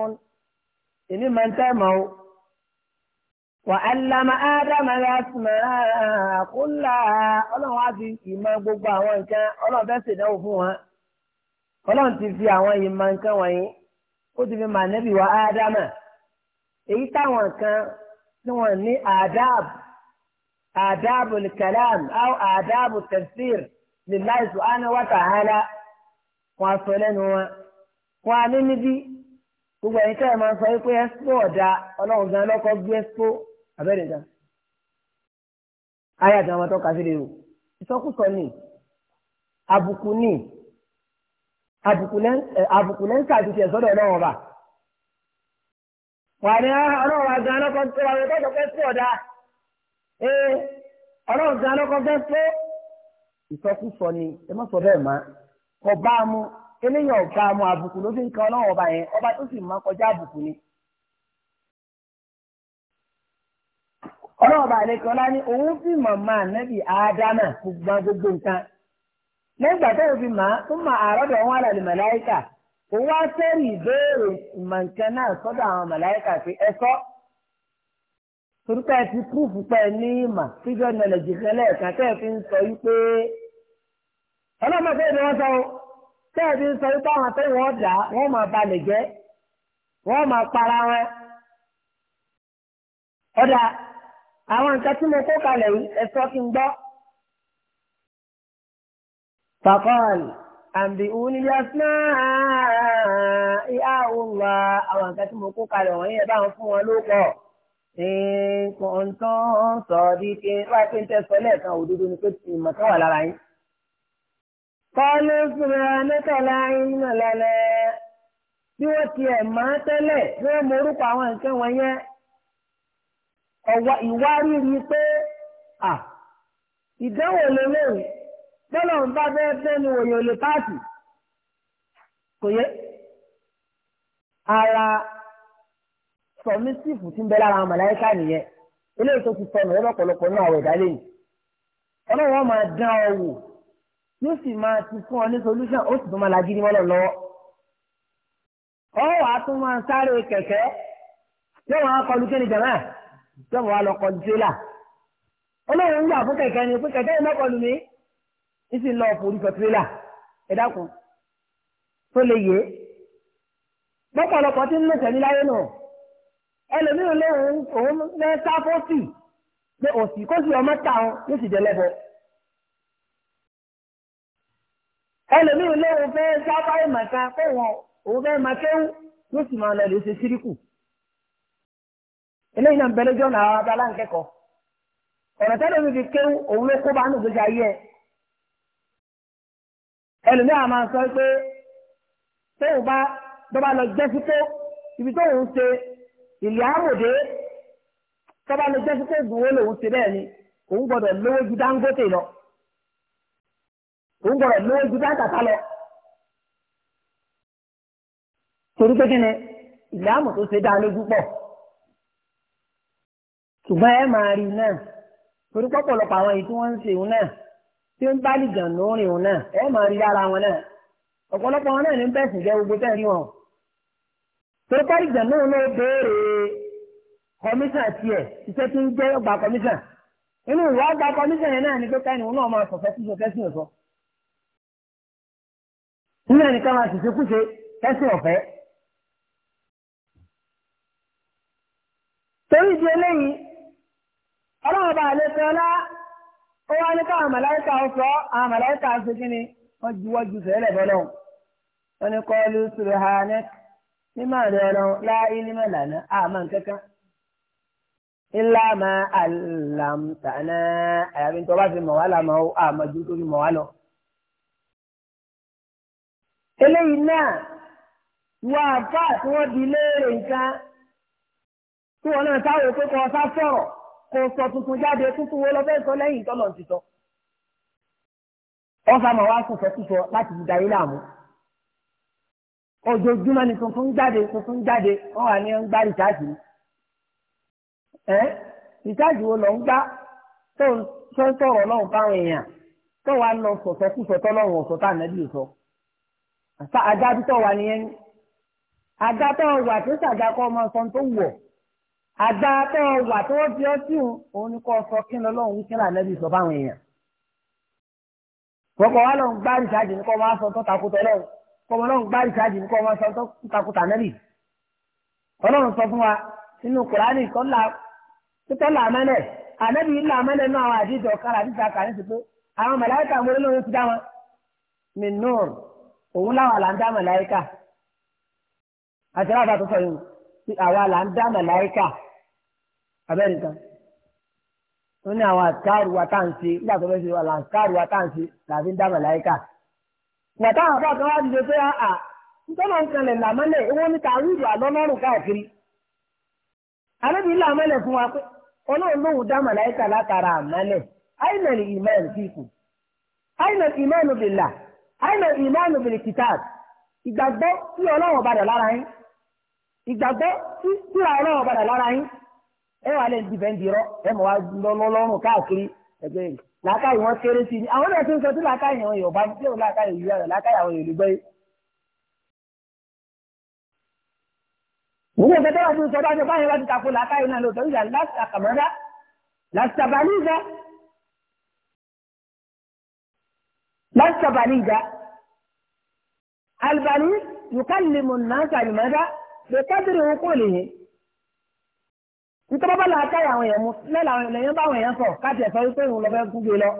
èmi máa ń tẹ́ mọ́ o. وعلم آدم الأسماء كلها ọlọ́run á fi ìmọ̀ gbogbo àwọn nǹkan ọlọ́run fẹ́ ṣèdánwò fún wọn ọlọ́run ti fi àwọn ìmọ̀ nǹkan wọ̀nyí ó ti fi mà nẹ́bí wa ádámà èyí táwọn kan tí wọ́n ní àdáàbù àdáàbù kàlám àdáàbù tafsir lillahi subhanahu wa ta'ala wọn sọ lẹ́nu wọn wọn ní níbí gbogbo máa ń sọ wípé ẹ́sìpó ọ̀dà ọlọ́run gan lọ́kọ́ gbé ẹ́sìpó abẹ́rẹ́ gan. ayé àti àwọn o ìsọkúsọ ni àbùkù ni àbùkù lẹ́ńsà ti tiẹ̀ sọ́dọ̀ ọlọ́run ọba. wà ní ah, ọlọ́run wa gan lọ́kọ́ ọ̀dà gan ìsọkúsọ ni ẹ má sọ bẹ́ẹ̀ mọ́ kò bá a eléyìí ọ̀gá àbùkù ló fi ń ọba yẹn ọba tó sì kọjá àbùkù ni. ọlọ́wọ́ alekọla lá ní òun fi màmá nẹ́bì ádámà gbogbo gbogbo nǹkan lẹ́gbàá tó fi màá tó mà wọn àlàlẹ̀ màláìkà òun sẹ́rì ìbéèrè náà sọ́dọ̀ àwọn màláìkà pé ẹ sọ́ torí pé ẹ ti pé ẹ ní ìmà fíjọ́ ọlọ́mọ fẹ́ ni wọ́n sọ o bẹ́ẹ̀ ti ń sọ wípé àwọn àtẹ́yìn wọn dà wọ́n máa balẹ̀ jẹ́ wọ́n máa para wọn. ọ̀dà àwọn nǹkan tí mo kó kalẹ̀ yìí ẹ̀sọ́ ti ń gbọ́. fàkọ́ọ̀lì àǹbì oníyàsíná ìhà òǹwà àwọn nǹkan tí mo kó kalẹ̀ wọ̀nyí ẹ̀ bá wọn fún wọn ló pọ̀. nǹkan tó ń sọ di kí wáyé pé ń tẹ́ sọ lẹ́ẹ̀kan òdodo ni pé ìmọ̀ tó wà lára yín kọ́lé fúnranẹ́tà láàrin nàlálẹ́ bí wọ́n tiẹ̀ máa tẹ́lẹ̀ bí wọ́n mọ orúkọ àwọn nǹkan wọn yẹn ìwárìrì pé à ìdánwò lélẹ́yìn bọ́lá ń bá bẹ́ẹ̀ fẹ́ni òye olè páàtì kò yẹ ara sọmísìfù tí ń bẹ lára àwọn màláíkà nìyẹn eléyìí tó ti sọnù lọ́pọ̀lọpọ̀ náà àwẹ̀dá lẹ́yìn ọlọ́run wọn máa dán ọ wò yóò sì máa ti fún ọ ní solution ó sì tún máa lagídí mọ́lẹ̀ lọ́wọ́. ọ wàá tún máa sáré kẹ̀kẹ́ yóò máa kọlu kí ni jàmá yóò máa lọ kọlu tírélà. olóòrùn ń gbà fún kẹ̀kẹ́ ni pé kẹ̀kẹ́ yìí mọ́kànlù mi ń sì lọ forí sọ tírélà ẹ dákun tó lè yé. lọ́pọ̀lọpọ̀ tí ń lè tẹ̀lé láyé nù ẹlòmíràn lóhùn òun lẹ́ sáfọ́tì pé òsì kó sì ọmọ táwọn yóò sì jẹ lẹ́bọ̀ọ́. ẹlòmíì lóun fẹ́ sábà ìmọ̀ta pé wọn òun fẹ́ máa kéwú yóò sì máa lọ lè ṣe síríkù eléyìí náà ń bẹ lójú ọ̀nà àwọn abala ń kẹ́kọ̀ọ́ ọ̀nà tẹ́lẹ̀ mi fi kéwú òun ló kó bá nù gbèsè ayé ẹ̀ ẹlòmíì àwọn máa sọ pé tóun bá tó lọ jẹ́sí ibi tóun ṣe ìlú àmòdé tó lọ jẹ́sí ìdúró lòun ṣe bẹ́ẹ̀ ni òun gbọ́dọ̀ lówó ju Dangote lọ òun gbọ́dọ̀ lówó ju bá tàtà lọ. torí pé kíni ìdáàmú tó ṣe dá lójú pọ̀ ṣùgbọ́n ẹ máa rí náà torí pọ̀pọ̀lọpọ̀ àwọn èyí tí wọ́n ń ṣe òun náà tí ń bá lìgàn lórí òun náà ẹ máa rí lára wọn náà ọ̀pọ̀lọpọ̀ wọn náà ní bẹ́sìn jẹ́ gbogbo tẹ́ rí wọn. torí pé lìgàn náà ló béèrè kọmíṣà tiẹ̀ iṣẹ́ tí ń jẹ́ ọgbà kọmíṣà inú ìwà ọgbà kọmíṣà yẹn náà ni pé káyìn òun náà máa sọ̀fẹ́ sí sọ̀fẹ́ sí ọ̀sọ́ nínú ẹnìkan máa ṣèṣe kúṣe kẹsìn ọ̀fẹ́. torí ìdí eléyìí ọlọ́run bá àlejò ọlá ó wá ní káwọn màláìka ọ̀sọ́ àwọn màláìka ṣe kí ni wọ́n juwọ́ sẹ́lẹ̀ bọ́lọ̀ wọn ni kọ́ọ́lù sùrẹ̀ ha ní mímọ́ rẹ̀ ọlọ́run láì ní mẹ́lànà àmọ́ nkankan. ilá máa àlàmtàná àyàfi tó bá fi mọ̀ wá làmọ́ àmọ́ ju tó fi mọ̀ wá lọ eléyìí náà wọ àbá tí wọ́n di léèrè nǹkan tí wọ́n náà táwọn pé kọ́ ọ̀sá sọ̀rọ̀ kò sọ tuntun jáde tuntun wo lọ́fẹ́ sọ lẹ́yìn tọ́lọ̀ ti sọ. wọ́n wá sọ̀sọ̀ sísọ láti di dayé láàmú. ojoojúmọ́ ni tuntun jáde tuntun jáde wọ́n wà ní ń gbá rìsáàjì. rìsáàjì wo lọ ń gbá tó ń sọ̀rọ̀ lọ́hùn fáwọn èèyàn tó wàá lọ sọ̀sọ̀ kúsọ̀ tọ́lọ́hùn ọ̀sọ̀ tá àfa àdá tó wà nìyẹn àdá tó wà tó ṣàdàkọ ọmọ sọ tó wọ àdá tó wà tó fi ọtí òun ni kò sọ kí lọ lọ́hùn kí lànà bí sọ fáwọn èèyàn kọkọ wa lọ́hùn gbá rìsáàjì ní kọ máa sọ tó takùtọ lọ́hùn kọmọ lọ́hùn gbá rìsáàjì ní kọ máa sọ tó takùtà nẹ́bì ọlọ́run sọ fún wa nínú kùránì tọ́lá tọ́lá mẹ́lẹ̀ ànábì ńlá mẹ́lẹ̀ náà àwọn àdìjọ kára àdìjọ àkàrẹ́ ti pé àwọn màláíkà òun láwa là ń dá màláíkà àti láwa tó sọ yìí àwa là ń dá màláíkà abẹ́rẹ́ nǹkan ó ní àwọn àtàrù wa tá à ń ṣe nígbà tó fẹ́ ṣe wà láǹkàrù wa tá à ń ṣe làbí ń dá màláíkà ìgbà táwọn àbá kan wá dìde pé àà nítorí wọn kan lè là mọ́lẹ̀ owó ní tàwíìlù àlọ́lọ́rùn káàkiri àlébi là mọ́lẹ̀ fún wa pé ọlọ́run lóhùn dá màláíkà látara àmọ́lẹ̀ àìnà ìmọ̀ ẹ̀ fíkù àìnà àìmọ̀ ìmánu bìrì kìtàb ìgbàgbọ́ sí ọlọ́run ọ̀bàdàn lára yín ìgbàgbọ́ sí síra ọlọ́run ọ̀bàdàn lára yín ẹ wà lẹ́yìn dìbẹ́ǹdì rọ ẹ mọ̀ wá lọ́lọ́run káàkiri ẹgbẹ́ yìí làákàyè wọn kéré sí i àwọn náà ti ń sọ tí làákàyè wọn yóò bá tí òun làákàyè yóò yára làákàyè àwọn yóò lè gbé. Nínú ìgbà tó wà ní ìsọdá ọjọ́ báyìí wá ti takò làákàyè náà lóòótọ́ ìyá lásìkàmọ́dá lásìkàbálíza لست بليدا البليد يكلم الناس لماذا؟ بقدر عقوله nítorí bá la káyà àwọn èèyàn mú lẹ́la àwọn èèyàn bá àwọn èèyàn sọ káàtì ẹ̀fọ́ wípé òun lọ fẹ́ kú gbé lọ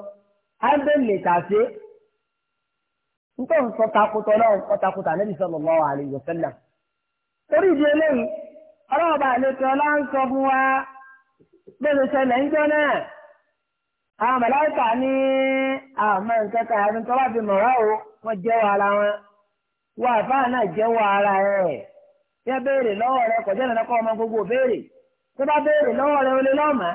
ábẹ́ lè tà sí nítorí sọ takùtọ̀ náà ń kọ́ takùtà níbi sallallahu alaihi wasallam. torí ìdí eléyìí ọlọ́ọ̀bà àlejò ọlá ń sọ fún wa bẹ́ẹ̀ ló ṣẹlẹ̀ ń jọ náà àwọn mẹ̀láìkà ní àmọ́ nǹkan kan àti tó bá fi mọ̀rá o wọ́n jẹ́wọ́ ara wọn wọ́n àfáà náà jẹ́wọ́ ara rẹ̀ tí wọ́n béèrè lọ́wọ́ rẹ̀ kọjá ìrìnà kọ́ ọmọ gbogbo béèrè tó bá béèrè lọ́wọ́ rẹ̀ olè lọ́mọ́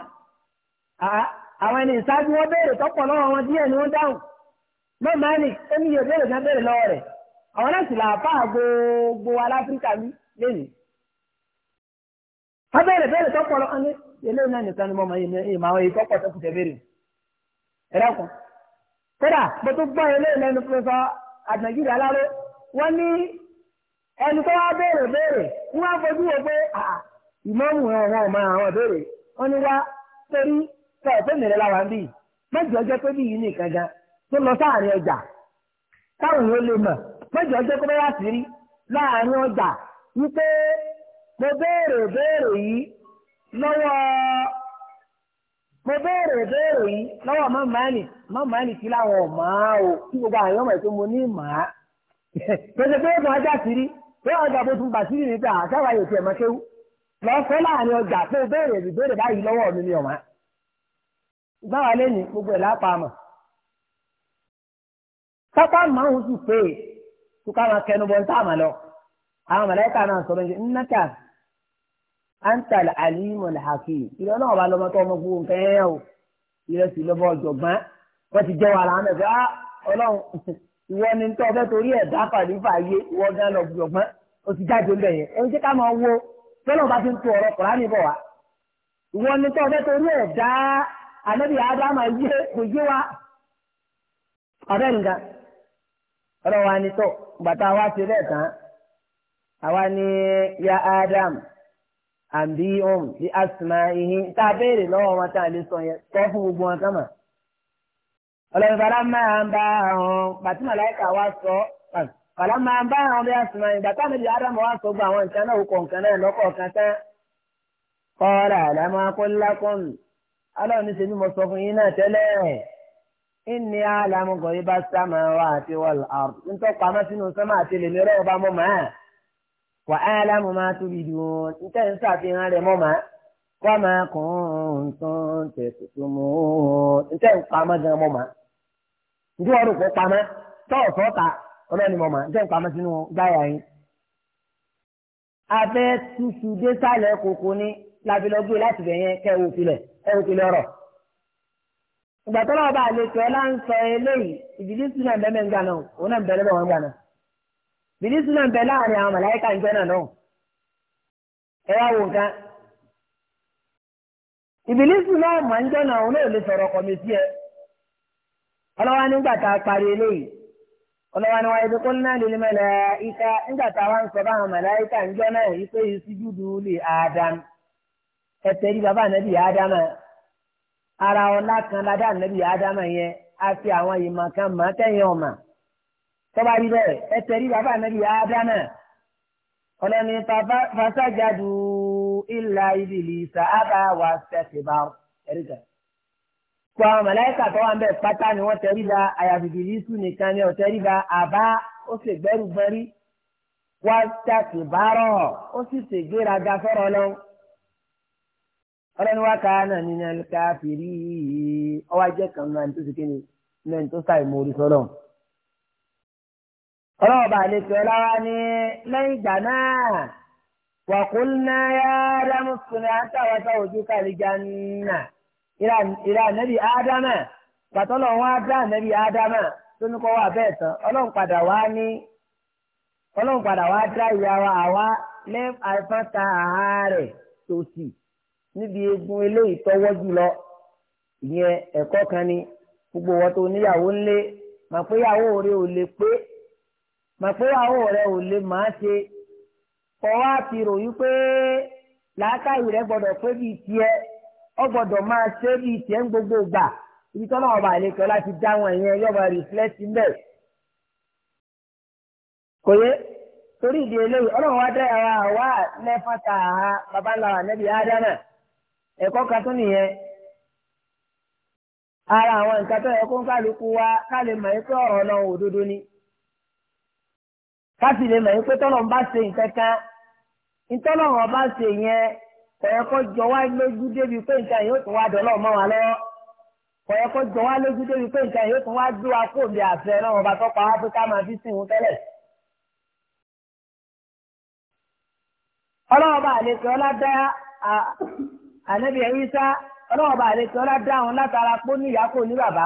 àwọn ẹni ìṣáájú wọn béèrè tọ́pọ̀ lọ́wọ́ wọn díẹ̀ ni wọ́n dáhùn mọ́mọ́ ẹni ẹni yóò béèrè fún béèrè lọ́wọ́ rẹ̀ àwọn náà sì làáfáà gbogbo aláfíríkà mi lẹ́yìn wọ́n béèrè béèrè tọ́pọ̀ lọ́wọ́ ẹ̀rọ kan kódà mo tún gbọ́ ilé ìlẹ́nu pẹ̀sọ́ àdìnàjìrì aláró wọ́n ní ẹni tó wá béèrè béèrè wọ́n á fojú wo pé ìmọ̀mù ọ̀hún ọ̀mọ àwọn béèrè wọ́n ní wá torí tẹ̀sán ìrẹ́ láwa ń bì mẹ́jọ jẹ́ pé bí yìí nìkan gan tó lọ sáàrin ọjà táwọn yóò lè mọ̀ mẹ́jọ jẹ́ pé bá sí rí láàrin ọjà wípé mo béèrè béèrè yìí lọ́wọ́ mo béèrè ìbéèrè yi lọ́wọ́ mọ́mọ́ánì mọ́mọ́ánì tí láwọn ò o tí gbogbo àwọn ọmọ ètò mo ní màá pèsè pé ètò ọjà sírí pé ọjà bó tún bà sírí níta àtàwà yóò máa kéwú láàrin ọjà pé o béèrè ìbéèrè báyìí lọ́wọ́ mi antal alimul hakim ìrẹ náà bá lọmọ tó ọmọ gbogbo nǹkan yẹn o ìrẹ sì lọmọ ọ̀jọ̀gbọ́n wọn ti jẹ wà láwọn ẹgbẹ ah Ọlọ́run ìwọ ni tó ọbẹ torí ẹ dáfà nífà yé ìwọ gan lọ ọ̀jọ̀gbọ́n o ti jáde ńbẹ yẹn ẹni tí ká máa wo tọ́lọ́ bá ti ń tu ọ̀rọ̀ kùránì bọ̀ wá ìwọ ni tó ọbẹ torí ẹ dá anabi adama yé kò yé wa ọbẹ nǹkan Ọlọ́run wa gbàtà wa ti rẹ tán àwa ni ya adam àbí ọ̀hún bí asùnmá ìhín tá a béèrè lọ́wọ́ wọn tá a lè sọ yẹn sọ fún gbogbo wọn kama. ọlọ́run fara máa ń bá àwọn pàtí màláìka wa sọ fara máa ń bá àwọn bí asùnmá ìgbà táwọn ibi ádámù wa sọ gba àwọn nǹkan náà kọ̀ nǹkan náà lọ́kọ̀ọ̀kan tán. kọ́ra àlámọ́ akọ́lákọ́n ọlọ́run ní sẹ́ni mo sọ fún yín náà tẹ́lẹ̀ ìní àlámọ́ gọ̀ọ́yé bá sámà wá àti wọ́ọ̀lù wà á lámù máa tóbi dùn níta ń ṣàfihàn rẹ̀ mọ́ màá wọ́n máa kàn án tán tẹ̀sí tó mú un níta ń pamọ́ gan mọ́ màá ǹdí wọ́n rò pé pamọ́ tọ́ọ̀ sọ́ta ọlọ́ni mọ́ màá níta ń pamọ́ sínú gbáyà yín. abẹ́ túṣu dé sálẹ̀ kòkó ní labilọ́gbé láti bẹ̀yẹn kẹ́ filẹ̀ ẹ̀ filẹ̀ ọ̀rọ̀ ìgbà tó lọ́wọ́ bá a lè tọ́ ẹ láǹsọ eléyìí ìdílé sínú náà òun náà náà. bìlísù na bela láàrin àwọn màláíkà ń jẹ́ náà náà ẹ na wo nǹkan ìbìlísù náà na ń jẹ́ náà òun náà lè sọ̀rọ̀ kọ̀mìtì ẹ ọlọ́wà nígbà tá a parí eléyìí ọlọ́wà ni wà á ìdókòó náà lè màláíkà a wá ara ọla kan ládàá yẹn a fi àwọn tọ́ba rí bẹ́ẹ̀ ẹ tẹ̀rí bàbá ànábì ádámà ọlọ́ni fasajadu illa iblisa aba wa istakbar ẹ̀rí kan. kó àwọn màláíkà tó wà ń bẹ̀ pátá ni wọ́n tẹ̀rí ba àyàfi ìbílísù nìkan ni ọ̀tẹ̀rí ba àbá ó sì gbẹ́rù gbẹ́rí wa istakbara ó sì ṣègbéraga sọ̀rọ̀ lọ́wọ́ ọlọ́ni wá ká náà nínú ẹ̀ka fìrí ọwọ́ ajẹ́ kan náà ní tó ṣe kéde náà ní tó ṣàìmọ̀ orí sọ́lọ́ọ̀. ọlọ́ọ̀bà àlejò ọláwa ni lẹ́yìn ìgbà náà wàkúnná yá ádámù fúnra àtàwọn ojú kàlíjà nà ìlà nẹ́bí ádámà pàtọ́lọ̀ wọn á nẹ́bí ádámà tó ní kọ́ wà bẹ́ẹ̀ tán ọlọ́run padà wá ní ọlọ́run padà wá gbogbo wọn tó níyàwó ńlé màpéyàwó rẹ ò màpéyàwó rẹ ò lè máa ṣe ọwọ́ àti ròyìn pé làákàyè rẹ gbọdọ pé bíi tiẹ̀ ọ gbọ́dọ̀ máa ṣe bíi tiẹ̀ ń gbogbo gbà ibi tọ́lá ọba àlejò láti dá wọn ìyẹn yọba reflect mbẹ́. kò yé torí ìdí eléyìí ọlọ́run wá dá ara àwa a ha babaláwa nẹ́bí ádámà ẹ̀kọ́ kan ara àwọn nǹkan tó yẹ kó ń kálukú wa ká mọ̀ ẹ́ ni. káfí lè mọ̀ yín pé tọ́lọ̀ ń bá ṣe nǹkan kan ìtọ́lọ̀ wọn bá ṣe yẹn kọ̀yẹ́ kó jọ wá lójú débi pé nǹkan tún wá dọ́lọ́ mọ́ wa lọ́wọ́ kọ̀yẹ́ jọ wá lójú débi pé tún wá àfẹ́ náà bá tọ́ pa fi ọlọ́wọ́ bá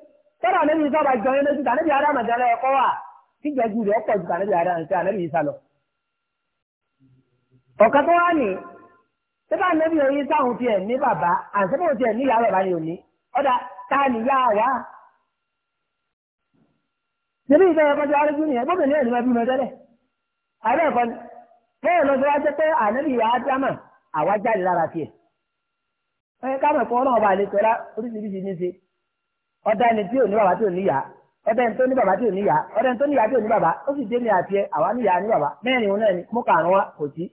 tọ́lá ànábì Ìsá bá jọyún lójú tà ànábì Ádámù gan lọ́yọ̀ kọ́ wà tí jẹ́jú rẹ̀ pọ̀ ju tà ànábì Ádámù tẹ ànábì Ìsá lọ. ọ̀kan tó wá ní tẹ́lá ànábì oyin sáhùn tiẹ̀ ní bàbá àǹsẹ́fọ̀ tiẹ̀ ní ìyá bàbá ni òní ọ̀dà tá a nìyá wa. ṣèlú ìfẹ́ ẹ̀kọ́ ti arójú nìyẹn gbọ́dọ̀ ní ẹ̀dùnmọ́ bí mo tẹ́lẹ̀ àbẹ́ ẹ̀kọ́ ni bẹ́ẹ̀ lọ́sọ wá jẹ́ pé ànábì Ádámù àwa jáde lára tiẹ̀. ẹ ká mọ̀ ẹ̀kọ́ ọlọ́run ọ̀dà ẹni tí ò ní bàbá tí ò ní ìyá ọ̀dà ẹni tó ní bàbá tí ò ní ìyá ọ̀dà ẹni tó ní ìyá tí ò ní bàbá ó sì dé ní àti ẹ àwa ní ìyá ní bàbá mẹ́rin òun náà ni mú kàrún wa kò sí.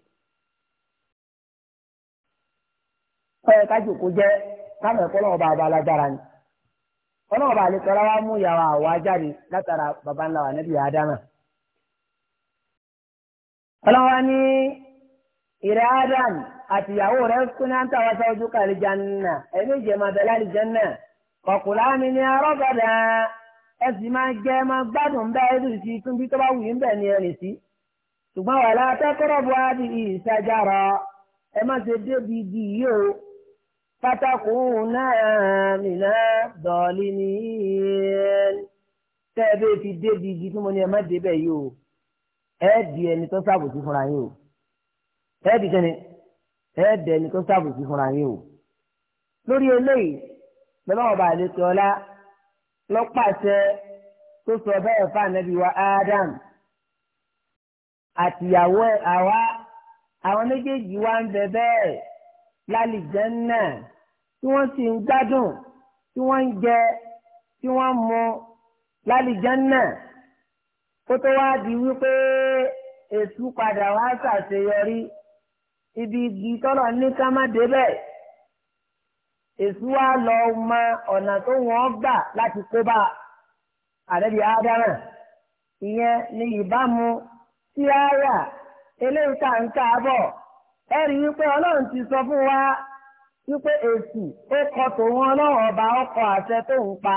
ọ̀yẹ kájú kò jẹ́ káwọn ẹ̀kọ́ náà bá ọba alágbára ni ọlọ́wọ́ bá lè tọ́ra wá mú ìyàwó àwa jáde látara baba ńlá wa nẹ́bí àdámà. ọlọ́wọ́ ní ìrẹ́ ádámù àtìyàwó rẹ̀ kúnná ń sọ́jú kàlí janna ẹ̀mí kọ̀kùlá mi ni arọ́gàdà ẹ sì máa jẹ máa gbádùn ń bá ẹdùn sí i túnbí tó bá wù yín bẹ̀ ni ẹ rìn sí. ṣùgbọ́n wà látẹ́kọ̀rọ̀ bu adi ìṣàjára ẹ má ṣe débi ibi yìí o pátákó náà mìíràn dọ̀ọ́lì ní tẹ́ ẹ bẹ́ẹ̀ fi débi ibi tí mo ní ẹ má débẹ̀ yìí o ẹ di ẹni tó ṣàbòsí fúnra yín o ẹ di kẹ́ni ẹ dẹ ẹni tó ṣàbòsí fúnra yín o lórí eléyìí lọ́wọ́ bá àlejò ọlá lọ́pàṣẹ tó sọ bẹ́ẹ̀ fáànẹ́bí wa Adam àtìyàwó àwa àwọn méjèèjì wa ń bẹ bẹ́ẹ̀ lálìjẹ́nnà tí wọ́n sì ń gbádùn tí wọ́n ń jẹ tí wọ́n ń mu lálìjẹ́nnà kó tó wá di wípé èṣù padà wá ṣàṣeyọrí ibi igi tọ́lọ̀ ní ká má débẹ̀. èsù wa lọ mọ ọ̀nà tó wọ́n gbà láti kó bá àdẹ́bí ádámà ìyẹn ní ìbámu sí àyà eléyìí tá ń kà á ọlọ́run ti sọ fún wa wípé èsì ó kọ tòun ọlọ́run ọba ọkọ̀ àṣẹ tó ń pa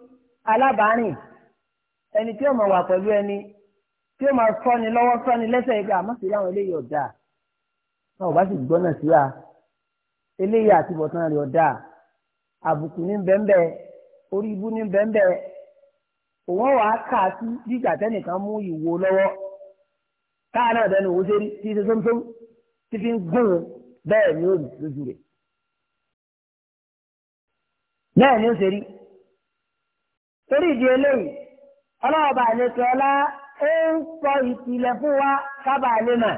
alábàárìn ẹni tí ó máa wà pẹ̀lú ẹni tí ó máa sọ́ni lọ́wọ́ sọ́ni lẹ́sẹ̀ ìgbà àmọ́sí láwọn eléyìí ọ̀dà náà ò bá sì gbọ́ náà síra eléyìí àtibọ̀tán rẹ̀ ọ̀dà àbùkù ní bẹ́ńbẹ́ orí ibú ní bẹ́ńbẹ́ òun wà á kà á sí jíjà tẹ́nìkan mú ìwo lọ́wọ́ káà náà dẹnu òwò ṣe rí tí ṣe sómsóm tí fi ń gún bẹ́ẹ̀ ni ó lójú rẹ̀ bẹ́ẹ̀ ni ó ṣe rí torí ìdí eléyìí ọlọ́ọ̀bà àlejò ọlá ó ń sọ ìpìlẹ̀ fún wa kábàá lè mà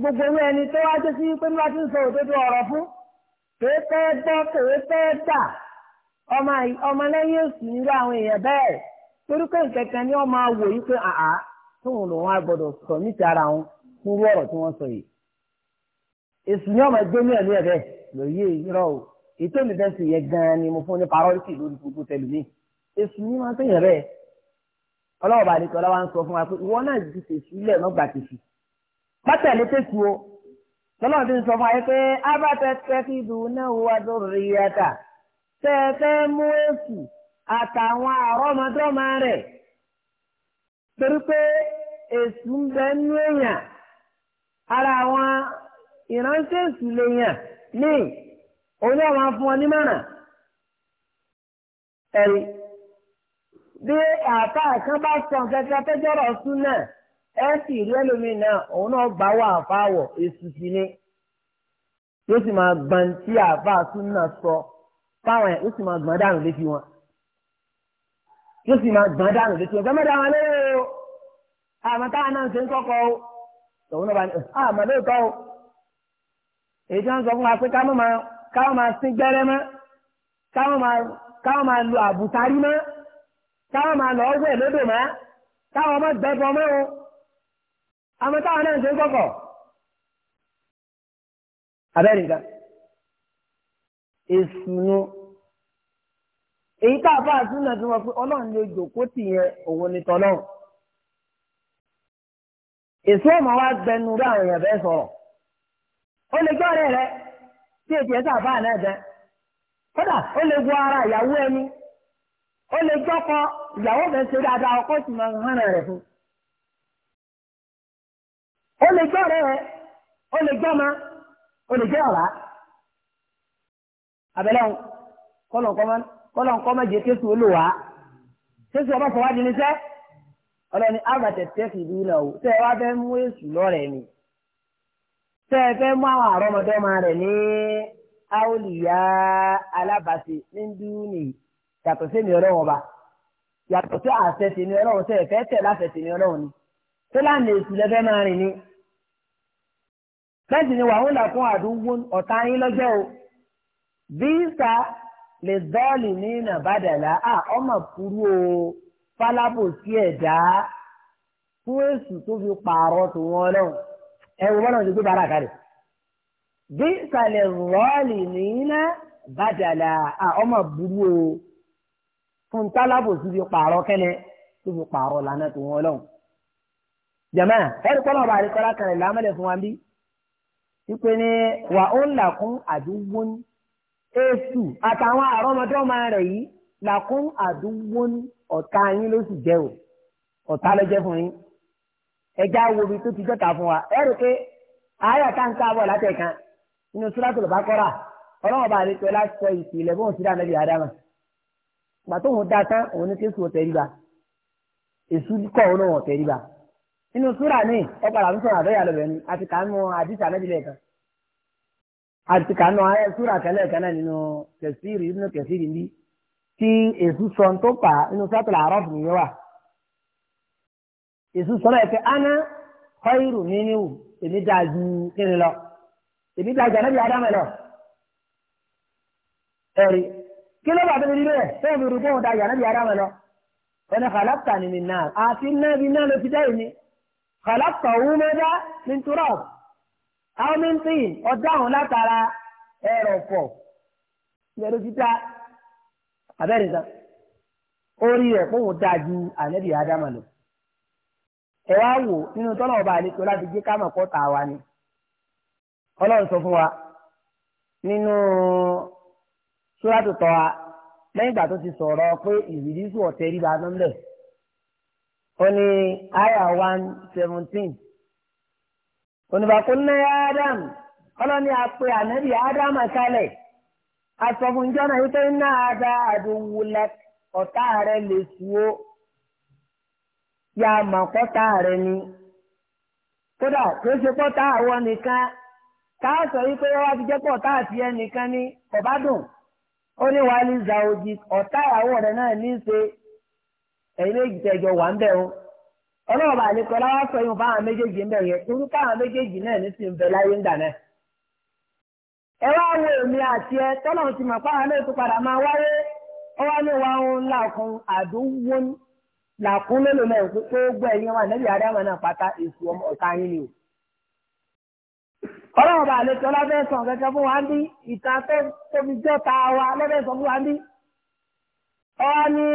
gbogbo owó ẹni tó wá dé sí pé níwájú ń sọ òdodo ọ̀rọ̀ fún kèé fẹ́ gbọ́ kèé fẹ́ gbà ọmọ lẹ́yìn èsì nírú àwọn èèyàn bẹ́ẹ̀ torí pé ìkẹ̀kẹ́ ni wọ́n máa wò yí pé àá tóun lòun á gbọ́dọ̀ sọ níta ara wọn fún irú ọ̀rọ̀ tí wọ́n sọ yìí èsì ni ọmọ ẹgbẹ́ ní ẹ̀mí ẹ̀ bẹ́ẹ̀ lòye irọ́ o ètò ìdẹ́sì yẹn gan-an ni mo fún ní parọ́lítì lórí gbogbo tẹlifí èsù ní máa ń sèyàn bẹ́ẹ̀ ọlọ́wọ́ bá ní kí ọlọ́wọ́ ń sọ fún wa pé ìwọ náà ti tèsù lẹ̀ lọ́gbà tèsù pátẹ̀lé tèsù o lọ́lọ́run ti ń sọ fún wa pé abátẹ́tẹ́ kí ibi náà wà lórí yàtà tẹ́ẹ̀tẹ́ mú èsù àtàwọn àrọ́mọdọ́mọ rẹ̀ torí pé èsù ń bẹ nú èèyàn ara àwọn ìránṣẹ́ èsù lèèyàn ní òun náà fún ọ nímọ̀ràn ẹ̀rí bí àká kan bá sọ kẹkẹ tó jọrọ sún náà ẹ sì rí ẹlòmíì náà òun náà bá wà fáwọ èsì sí ni yóò sì máa gbọ́n tí àbá sún náà sọ fáwọn ẹ̀ yóò sì máa gbọ́n dànù létí wọn yóò sì máa gbọ́n dànù létí wọn gbọ́n mẹ́ta wọn lérò o àmọ́ táwọn náà ń ṣe ń kọ́kọ́ o tòun náà bá ní àmọ́ lóòótọ́ o èyí tí wọ́n sọ fún wa pé káwọn máa káwọn máa sín gbẹ́rẹ́ mọ́ káwọn máa káwọn máa lu àbùtárí mọ́. táwọn máa lọ wẹ̀ lódò mọ́ táwọn ọmọ gbẹbọ mọ́ àmọ́ táwọn náà ń abẹ́rìnká a bá àtúnà wọn ni ọmọ wa gbẹnu rẹ àwọn èèyàn bẹ́ẹ̀ sọ̀rọ̀ ó lè gbọ́ ọ̀rẹ́ rẹ tí ẹ̀ sábà náà kódà ó lè ara ìyàwó ẹni ó lè jọ́kọ ìyàwó rẹ̀ ṣe dáadáa ọkọ sì máa hàn rẹ̀ fún. ó lè jọ́ rẹ̀ ó lè ma ó lè jẹ́ ọ̀rá. àbẹ̀lẹ̀ ọ̀hún kọ́lọ̀ nǹkan máa jẹ kéṣù olùwà ọba fọwọ́ di ọlọ́ni ìlú náà o tẹ́ ẹ wá fẹ́ mú lọ́rẹ̀ ni tẹ́ ẹ fẹ́ mú àwọn rẹ̀ ní àwòlíyá alábàṣe ní dúró nìyí. yàtọ̀ sí mi ọlọ́run ọba yàtọ̀ sí àṣẹ tèmi ọlọ́run tẹ̀ fẹ́ tẹ̀ láṣẹ tèmi ọlọ́run ni tó láàmì èsì lẹ́fẹ́ máa rìn ni. bẹ́ẹ̀ sì ni wàhùn là fún àdúgbò ọ̀tá yín lọ́jọ́ o bí sa lè dọ́ọ̀lì ní nàbàdàlà à ọmọ kúrú o fálábò sí ẹ̀dá fún èsù tó fi pààrọ̀ tòun ọlọ́run ẹ wo bọ́lá òṣèlú bára àkàrẹ̀ bí sa lè rọ́ọ̀lì ní nàbàdàlà à ọmọ burú o fún tálábò sí fi pààrọ̀ kẹ́lẹ́ tó fi pààrọ̀ lànà tó wọn lọ́hùn. jẹ̀mọ́ ẹ̀rí kọ́lá ọba àríkọ́lá kan rẹ̀ lámọ́lẹ̀ fún wa bí wípé ní wà ó ń làkún àdúgbò ní èsù àtàwọn àrọ́mọdọ́mọ rẹ̀ yìí làkún àdúgbò ní ọ̀tá yín ló sì jẹ́ o ọ̀tá ló jẹ́ fún yín ẹja wo ibi tó ti jọ́ta fún wa ẹ̀rí pé ààyè tá n káàbọ̀ látẹ̀kan nínú Suratul Baqara ọlọ́wọ́ bá àríkọ́lá sọ ìpìlẹ̀ bóun sí gbà tó ń da tán òun ní kí èsù ọ̀tẹ̀ríba èsù kọ̀ òun náà ọ̀tẹ̀ríba nínú súrà ní ọ̀pára ń sọ̀rọ̀ àdọ́yà lọ́bẹ̀ ni àti kàánú àdìsá mẹ́tìlẹ̀ kan àti kàánú súrà kẹlẹ̀ kan náà nínú kẹsìrì nínú kẹsìrì ní tí èsù sọ tó pa nínú sátìlà àrọ́fù nìyẹn wà èsù sọ̀rọ̀ ẹ̀ pé aná kọ́ìrù nínú èmi dáa ju kíni lọ èmi dáa ju ànábì ádámù lọ ẹ̀rí kí ló bàtà níbi rẹ̀ sẹ́yìn fi rúgbọ́n da yàrá bí ara wọn lọ. ẹni kàlápà ni mi náà àti náà bí náà ló ti dá èmi kàlápà òun mẹ́ta ní turọ̀ àwọn mẹ́ntì ọjà òun látara ẹ̀rọ̀fọ̀ yẹ̀rọ títa abẹ́rẹ́ sá orí rẹ̀ kó wọn ju ànábì ádámà lọ. ẹ wá wò nínú tọ́lá ọba àlejò láti gbé kámọ̀ kọ́ tà ni ọlọ́run sọ fún wa nínú. Súrátù Tọ́ha lẹ́yìn ìgbà tó ti sọ̀rọ̀ pé ìrìlísù ọ̀tẹ̀ rí ba nọ́mbẹ̀. Ó ní àyà one seventeen. Ònìbàkún náà Ádám ọlọ́ni àpè ànábì Ádámà kalẹ̀. Àsọ̀fún jọ́nà yìí tó ń ná àdá àdúwulẹ̀ ọ̀tá rẹ̀ lè tu ó. Yà mà kọ́tà rẹ̀ ni. Kódà kò ṣe kọ́tà àwọn nìkan. Káà sọ yìí pé wọ́n wá ti jẹ́ pọ̀ tá àti ẹnìkan ní ọ̀bádùn. ó ní wàá ní ọ̀tá ìyàwó rẹ̀ náà ní í ṣe ẹ̀yin méjì wà ń bẹ̀ o ọlọ́ọ̀bà àlekọ́ láwá sọ yóò bá méjèèjì ń bẹ̀ yẹn irú káwọn méjèèjì náà ní sì ń bẹ láyé ń náà. ẹ wá wo èmi àti ẹ tọ́lọ̀ ti mọ̀ pé àwọn ètò padà máa wáyé ó wá ní wa ń làkún àdúgbò làkún mélòó gbogbo ẹ̀yin wa nẹ́bí adámọ̀ náà pátá ọlọ́run bá àlejò ọlọ́fẹ́ sàn kẹ́kẹ́ fún wa ń bí ìtàn fẹ́ tóbi jẹ́ ta wa lọ́fẹ́ sọ fún wa ń bí. ọ ní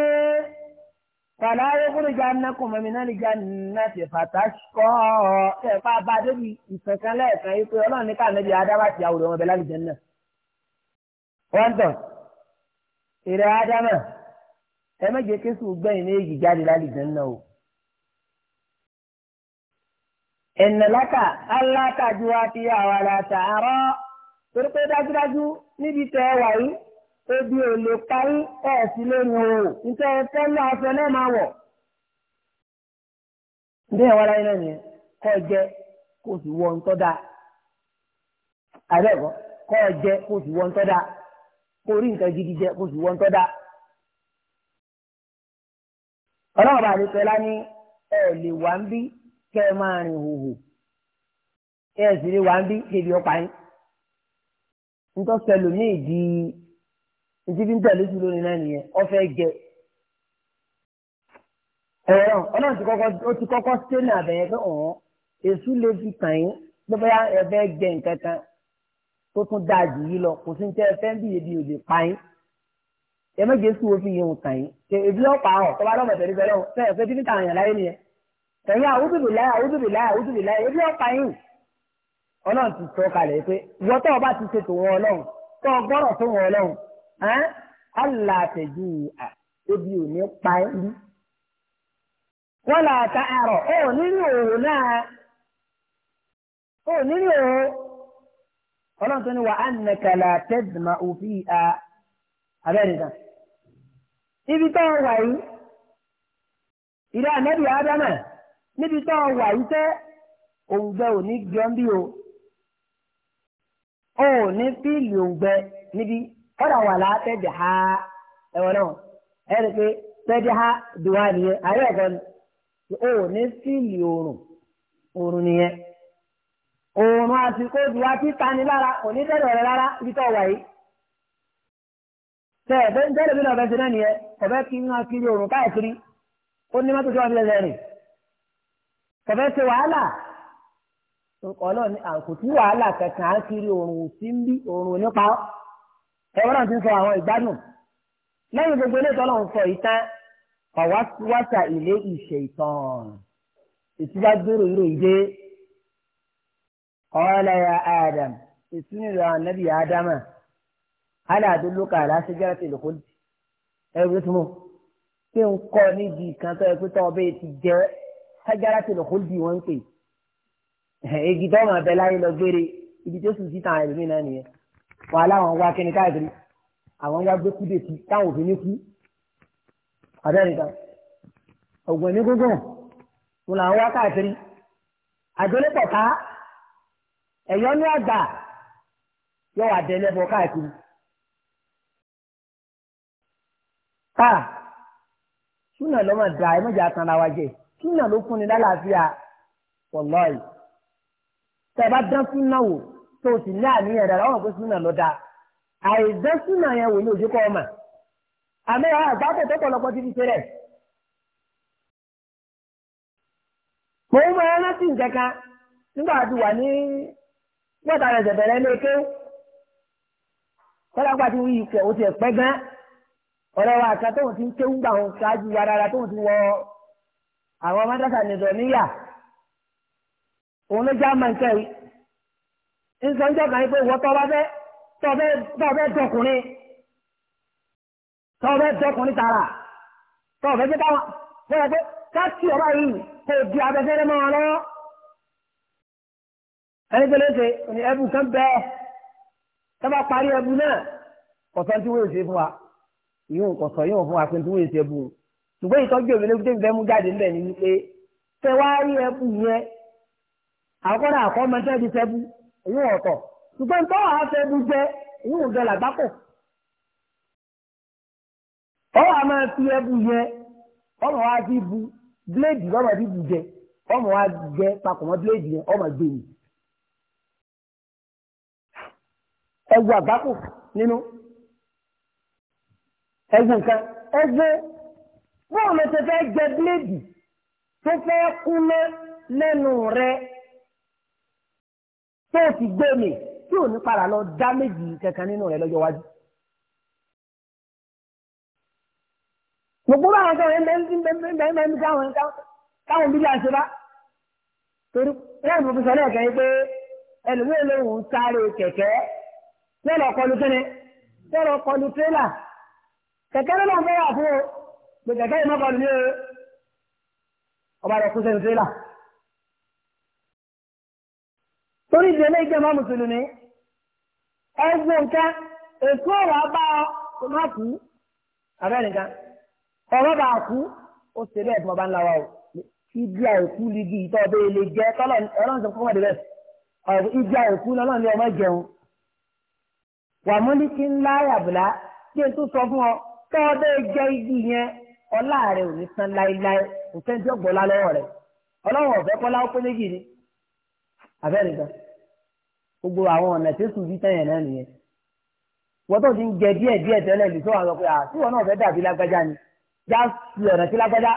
fàlà ayékúrú jà ńnà kò mọ̀mí náà ní jà ńnà ti fàtà kọ́ ọ ẹ̀fà bá débi ìsẹ̀kan lẹ́ẹ̀kan yìí pé ọlọ́run ní káàmì bíi adá bá ti àwòrán wọn bẹ láti jẹ wọ́n tàn ìrẹ̀ ádámà ẹ méje kéṣù gbẹ̀yìn ní èyí jáde láti jẹ o. ẹ̀nà lákà alákàjú wa fi àwọn ará tààrọ́ torí pé dájúdájú níbi tẹ́ ẹ wà yìí ebi ò lè parí ẹ̀ sí lónìí o nítorí ẹ fẹ́ lọ aṣọ náà máa wọ̀. bí ẹ wá láyé náà nìyẹn kọ́ jẹ kó sì wọ ntọ́ da àbẹ̀kọ́ kọ́ jẹ kó sì wọ ntọ́ da kó rí nǹkan gidi jẹ kó sì wọ ntọ́ da. ọlọ́run bá a lè fẹ́ lá ní ẹ lè wá ń bí kẹ́ ẹ máa rìn hòhò kẹ́ ẹ sì lè wá ń bí kébi ọ̀pá yín ntọ́sẹ̀lò ní ìdí ìdí bí ń tẹ̀lé sí lónìí náà nìyẹn ọ̀fẹ́ jẹ ẹ̀rọ ọlọ́run ti kọ́kọ́ ó ti kọ́kọ́ sí ní àbẹ̀yẹ pé ọ̀hún èṣù lè fi kàn yín pé bóyá ẹ̀fẹ́ jẹ nǹkan kan tó tún dáa jù yí lọ kò sí ní tẹ́ ẹ fẹ́ ń bí ebi ò lè pa yín ẹ méje sùn ó fi yín kàn yín ebi ọ̀pá ọ̀ tọ́ba lọ́mọ tẹ̀lé fẹ́ lọ́wọ́ fẹ́ẹ́ fẹ́ ẹ̀yin àwùjọbìlá àwùjọbìlá àwùjọbìlá ebi ọ̀pá yìí ọlọ́run ti sọ kalẹ̀ pé ìwọ tó o bá ti ṣètò wọn ọlọ́run tó o gbọ́rọ̀ tó wọn ọlọ́run ẹ́n àlà àtẹ̀jú à ebi ò ní pa ẹ́ rí wọ́n là ta àrọ̀ ó nínú òun náà ó nínú òun ọlọ́run tó ní wà á nẹ̀kẹ̀lẹ̀ àtẹ̀dùmá òfin à abẹ́rẹ́ ibi tó ń wà yìí ìrẹ́ ànẹ́bí ádámà níbi tó o wà yìí tẹ́ òǹgbẹ ò ní gbọ́n bí o ò ní fíìlì òǹgbẹ níbi kọ́dà wà látẹ̀jẹ̀ ha ẹ̀wọ̀n náà ẹ̀ rí pé tẹ́jẹ̀ ha dùwà nìyẹn àárẹ̀ ẹ̀kọ́ ni ò ní fíìlì òòrùn òòrùn nìyẹn òòrùn àsìkò dùwà títa ni lára kò ní tẹ́lẹ̀ rẹ̀ rárá ibi tó o wà yìí tẹ ẹ bẹ ń tẹ́lẹ̀ bí náà bẹ ti náà nìyẹn ọ̀bẹ kí n máa kiri òòrùn káàkiri ó ní mọ́tò tí wọ́n fi lẹ́sẹ̀ rìn kọfẹ ṣe wàhálà ọlọ́ọ̀ni àǹkó tí wàhálà kankan á kiri òrùn òsì ń bí òrùn nípa ẹ̀wọ́n náà ti ń sọ àwọn ìgbádùn lẹ́yìn gbogbo ilé ìtọ́lọ̀ ń sọ ìtàn ọ̀wáṣà ilé ìṣẹ̀ ìtàn ìtura gbèrò ìró ìdè ọ̀ọ́lá Adam ìsúnú ìlú àwọn nàbì Adama aláàdúlùkà aláṣẹjára ti lòkó ẹrú tó mọ̀ pé ń kọ́ níbi ìkàntọ́ ẹ̀kútọ́ ọbẹ̀ ti jẹ́ Hajaratul Khuldi wọ́n ń pè igi dọ́mọ̀ abẹ láyé lọ gbére ibi tó sùn síta àwọn ẹlòmíín náà nìyẹn wàá láwọn wá kíni káàkiri àwọn wá gbé kúdè sí táwọn òfin ní kú àbẹ́rẹ́ta ọ̀gbọ̀n ní gúngùn wọn làwọn wá káàkiri àjọlẹ́pọ̀ ká ẹ̀yọ́ ní àgbà yóò wà dẹ́lẹ́bọ̀ káàkiri ká súnà lọ́mọ dà ẹ mọ̀jà tanra wa jẹ́ súnà ló fún ni lálàáfíà wọ̀lọ́ọ̀yì tẹ bá dán súnà wò tó o sì ní àníyàn dára wọn kó súnà lọ dáa àìdán súnà yẹn wò ní ojú kọ́ ọmọ àmì àgbàpọ̀ tó pọ̀lọpọ̀ ti fi ṣe rẹ̀. mo ń mọ ẹrántí nǹkan kan nígbà tí wà ní mẹ́ta rẹ̀ ṣẹ̀bẹ̀rẹ̀ ní eke kọ́lápá ti wí ipò ó ti ẹ̀ pẹ́ gan ọ̀rẹ́ wa kan tóun ti ń kéwú gbà wọn ṣáájú wa rárá tóun ti wọ àwọn mọ́tàkà nìdọ̀ níyà òun ló já mọ̀ nǹkan yìí nsọ́njọ́ kan yìí pé wọ́n tọ́ bá fẹ́ tọ́ bẹ́ dọkùnrin tọ́ bẹ́ dọkùnrin tààrà tọ́ bẹ́ fẹ́ táwọn bẹ́ẹ̀ pé káàkiri ọba yìí kò di abẹ́fẹ́rẹ́ mọ́ ọ lọ́wọ́ ẹni tó léṣe ní ẹbù kan bẹ́ẹ̀ tọ́ bá parí ẹbù náà kọ̀sọ́ tí wọ́n yóò ṣe fún wa yóò kọ̀sọ́ yóò fún wa pé tí wọ́n yóò ṣe fún ṣùgbọ́n ìtọ́jú òbí lóbi débi fẹ́ mú jáde ńbẹ̀ ni wípé tẹ wá rí ẹkú yẹn àkọ́dà àkọ́mọ tẹ́ ti fẹ́ bú òun ọ̀tọ̀ ṣùgbọ́n tọ́ àá fẹ́ bú jẹ́ òun òjọ làgbákò. ọwọ́ a máa fi ẹbú yẹn ọmọ wa fi bu bíléèdì lọ́mọ fi bu jẹ ọmọ wa jẹ papọ̀ mọ́ bíléèdì yẹn ọmọ gbé mi. ẹgbẹ́ àgbákò nínú ẹgbẹ́ nǹkan ẹgbẹ́ bóun ló ti fẹ́ jẹ bíléèdì tó fẹ́ kúná lẹ́nu rẹ tó ti gbé mi tí ò ní padà lọ dá méjì kankan nínú rẹ lọ́jọ́ wájú. gbogbo àwọn kan ń bẹ ń bẹ ń bẹ ń bẹ ń káwọn káwọn bíbí àṣẹ bá torí lẹ́yìn mo fi sọ lẹ́ẹ̀kan yìí pé ẹlòmíràn lòun ń sáré kẹ̀kẹ́ lọ́lọ́ kọlu kíni lọ́lọ́ kọlu tírélà kẹ̀kẹ́ lọ́lọ́ fẹ́ wà fún o gbèsè káyé má bàlù ní o ọba rẹ̀ kún sẹ́yìn tírélà. torí ìdílé ilé ìjọba mùsùlùmí ẹgbẹ́ nǹkan èkó ọ̀rọ̀ abá má kú abẹ́ nìkan ọ̀rọ̀ bá kú ó ṣe bẹ́ẹ̀ fún ọba ńlá wa o ìdí àìkú ligi ìtọ́ ọbẹ̀ ilé jẹ́ tọ́lọ̀ ọlọ́run sọ fún ọmọdé bẹ́ẹ̀ ọ̀rọ̀ ìdí àìkú lọ́lọ́run ní ọmọ jẹun wàmúlíkì ńlá yàbùlá kí n tún sọ fún ọ tọ́ ọbẹ̀ jẹ igi yẹn ọlá rẹ ò ní san láéláé kò rẹ ọlọ́wọ́ ọ̀fẹ́ kọ́lá ó pé méjì ni gbogbo àwọn ọ̀nà tí sùn yẹn náà nìyẹn wọ́n tó ti ń díẹ̀ díẹ̀ tẹ́lẹ̀ lè lọ pé wọn náà fẹ́ dàbí lágbájá ni já sí ọ̀nà tí lágbájá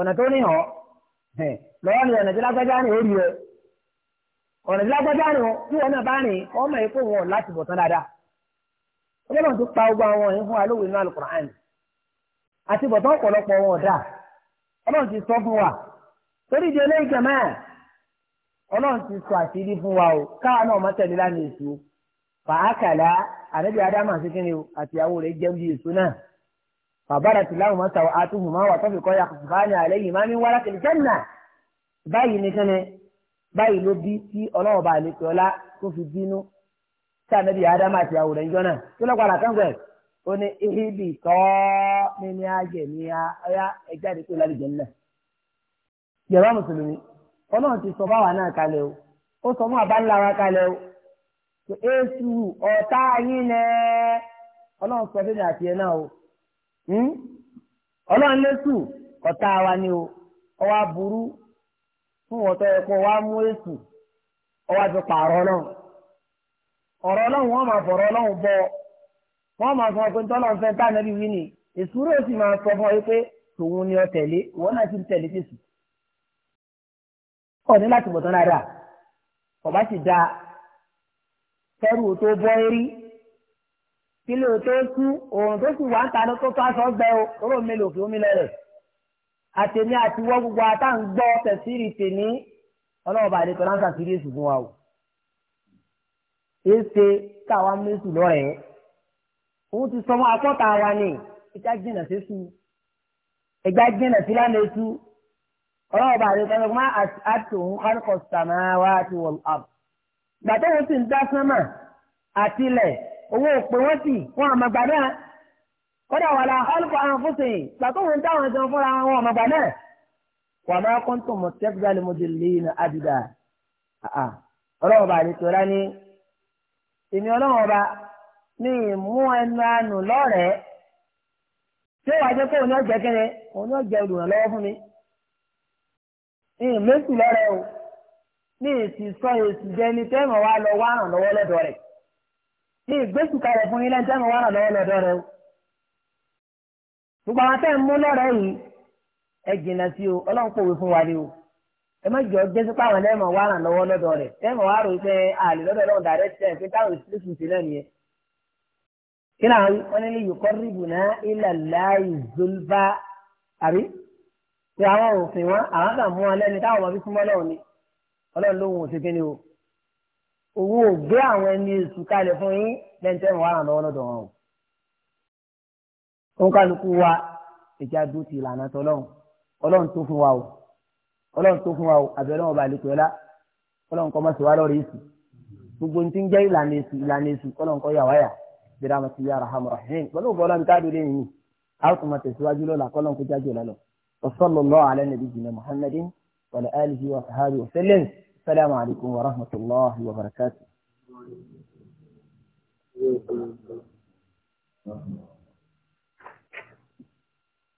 ọ̀nà tó lọ́wọ́ ni ọ̀nà o ọ̀nà tí lágbájá ni tí wọn náà bá ọmọ yìí kó wọn láti bọ̀ tán dáadáa ọjọ́ náà tó pa àwọn fún wa àti bọ̀tán ọ̀pọ̀lọpọ̀ wọn ọ̀dà ọlọ́run ti sọ fún wa torí di eléyìí jẹ̀mẹ́ ọlọ́run ti sọ àṣírí fún wa o káà náà má tẹ̀lé lánàá èso fàákàlà àdébí adama síkínni o àtìyàwó rẹ̀ jẹ́ bí èso náà bàbára ti láwọn mọ́ta wa àtúhùn máa wà tó fi kọ́ ya fúnfàánì àlẹ́ yìí máa ní wàrà kìlì jẹ́nà báyìí ní kẹ́ni báyìí ló bí tí ọlọ́run bá àlè pẹ́ọ́lá tó fi bínú sí àdébí adama àtìyàwó rẹ̀ ń jọ náà tó lọ́kọ̀ ó ní ihibi tọ́ nínú ajẹ̀mí ọ̀yá ẹ̀jáde tó lálẹ́ jẹ̀mí náà. Yorùbá Mùsùlùmí, ọlọ́run ti sọ báwa náà kalẹ̀ o, ó sọ fún wa kalẹ̀ o. Èṣù ọ̀tá yín lẹ̀ ọlọ́run sọ fún mi àti ẹ̀ náà o. Hmm? Ọlọ́run lẹ́sù ọ̀tá wa ni o, ọ aburú fún ọ̀tọ̀ ẹ̀kọ́ wa mú pààrọ̀ náà. Ọ̀rọ̀ máa wọ́n máa sọ pé tọ́lọ̀ ń fẹ́ tánàbí wí ni ìṣúró sì máa sọ fún ọ pé tòun ni ọ tẹ̀lé wọ́n náà ti ń tẹ̀lé fèsì. ọ̀ ní láti bọ̀ tán dáadáa ọba sì da kẹrù tó bọ́ erí kílò tó kú òun tó sì wà ń ta ló tó tó aṣọ gbẹ o ró mélòó kí omi lẹ́rẹ̀ àtẹ̀mí àti wọ́n gbogbo ata ń gbọ́ tẹ̀síìrì tèmi ọlọ́ọ̀bà àdètò láǹkà sírí èsù fún wa o. èsè táwa mú èsù lọ́rẹ̀ẹ́ òun ti sọmọ akọ́ta wa ni ìjà jìnnà sí su ìjà jìnnà sí lánàá su ọlọ́wọ́ bá rẹ sọ́dọ̀ má àti òun kárìkọ̀ sàmà wá ti wọ̀ áp. gbàtọ́ wọn sì ń dá sánmà àti ilẹ̀ owó òpè wọn sì wọn àmọ́ gbà náà kódà wà lá kárìkọ̀ àwọn fúnṣin gbàtọ́ wọn dá wọn jẹun fúnra wọn àmọ́ náà. wà má kọ́ńtò mọ̀ tẹ́gbàlì mo di lẹ́yìn àdìdà ọlọ́wọ́ bá rẹ sọ́dọ̀ ní èmi ọlọ́wọ́ bá. ní ìmú ẹnu àánú lọ́rẹ̀ẹ́ tí wàá jẹ́ pé òun yóò jẹ́ kẹ́rẹ́ òun yóò jẹ́ olùrànlọ́wọ́ fún mi. ìmẹ́sì lọ́rẹ̀ẹ́ o ní èsì sọ èsì jẹni tẹ́mọ̀ wá lọ wá ràn lọ́wọ́ lọ́dọ̀ rẹ̀ ní ìgbésù kalẹ̀ fún yín lẹ́ni wá ràn lọ́wọ́ lọ́dọ̀ rẹ̀ o. gbogbo àwọn tẹ́ ń mú lọ́rẹ̀ẹ́ yìí ẹ sí o ọlọ́run fún wa ni o ẹ má jọ wá ràn lọ́wọ́ lọ́dọ̀ rẹ̀ wá rò àlè lọ́dọ̀ lọ́wọ́ dàrẹ́ táwọn kí ni àwọn wọn nílé yuqarribuna ila llahi zulfa àbí tí àwọn òfin wọn àwọn kà mú wọn lẹ́ni táwọn ọmọ bí súnmọ́ lọ́wọ́ ni ọlọ́run lóhùn òsì kí ni o owó ò gbé àwọn ẹni èṣù kalẹ̀ fún yín lẹ́yìn tẹ́ wọn wà lọ́wọ́ lọ́dọ̀ wọn o. òǹkàlùkù wa ìjà dùn ti ìlànà tọ́lọ́run ọlọ́run tó fún wa o ọlọ́run tó fún wa o àbẹ̀rẹ̀ wọn bá lè pẹ́ ọlọ́run kọ́ mọ́ sí wa lọ́rọ̀ èṣù bíra ma ti yára hamu rahim pẹ̀lú bọ́lá ń tádùn lé yìí a kò máa tẹ̀síwájú lọ́la kọ́lọ́n kó jáde lọ́lọ́ wasallallahu ala nabiyyina muhammadin wa ala alihi wa sahbihi wa sallam assalamu alaikum wa rahmatullahi wa barakatuh.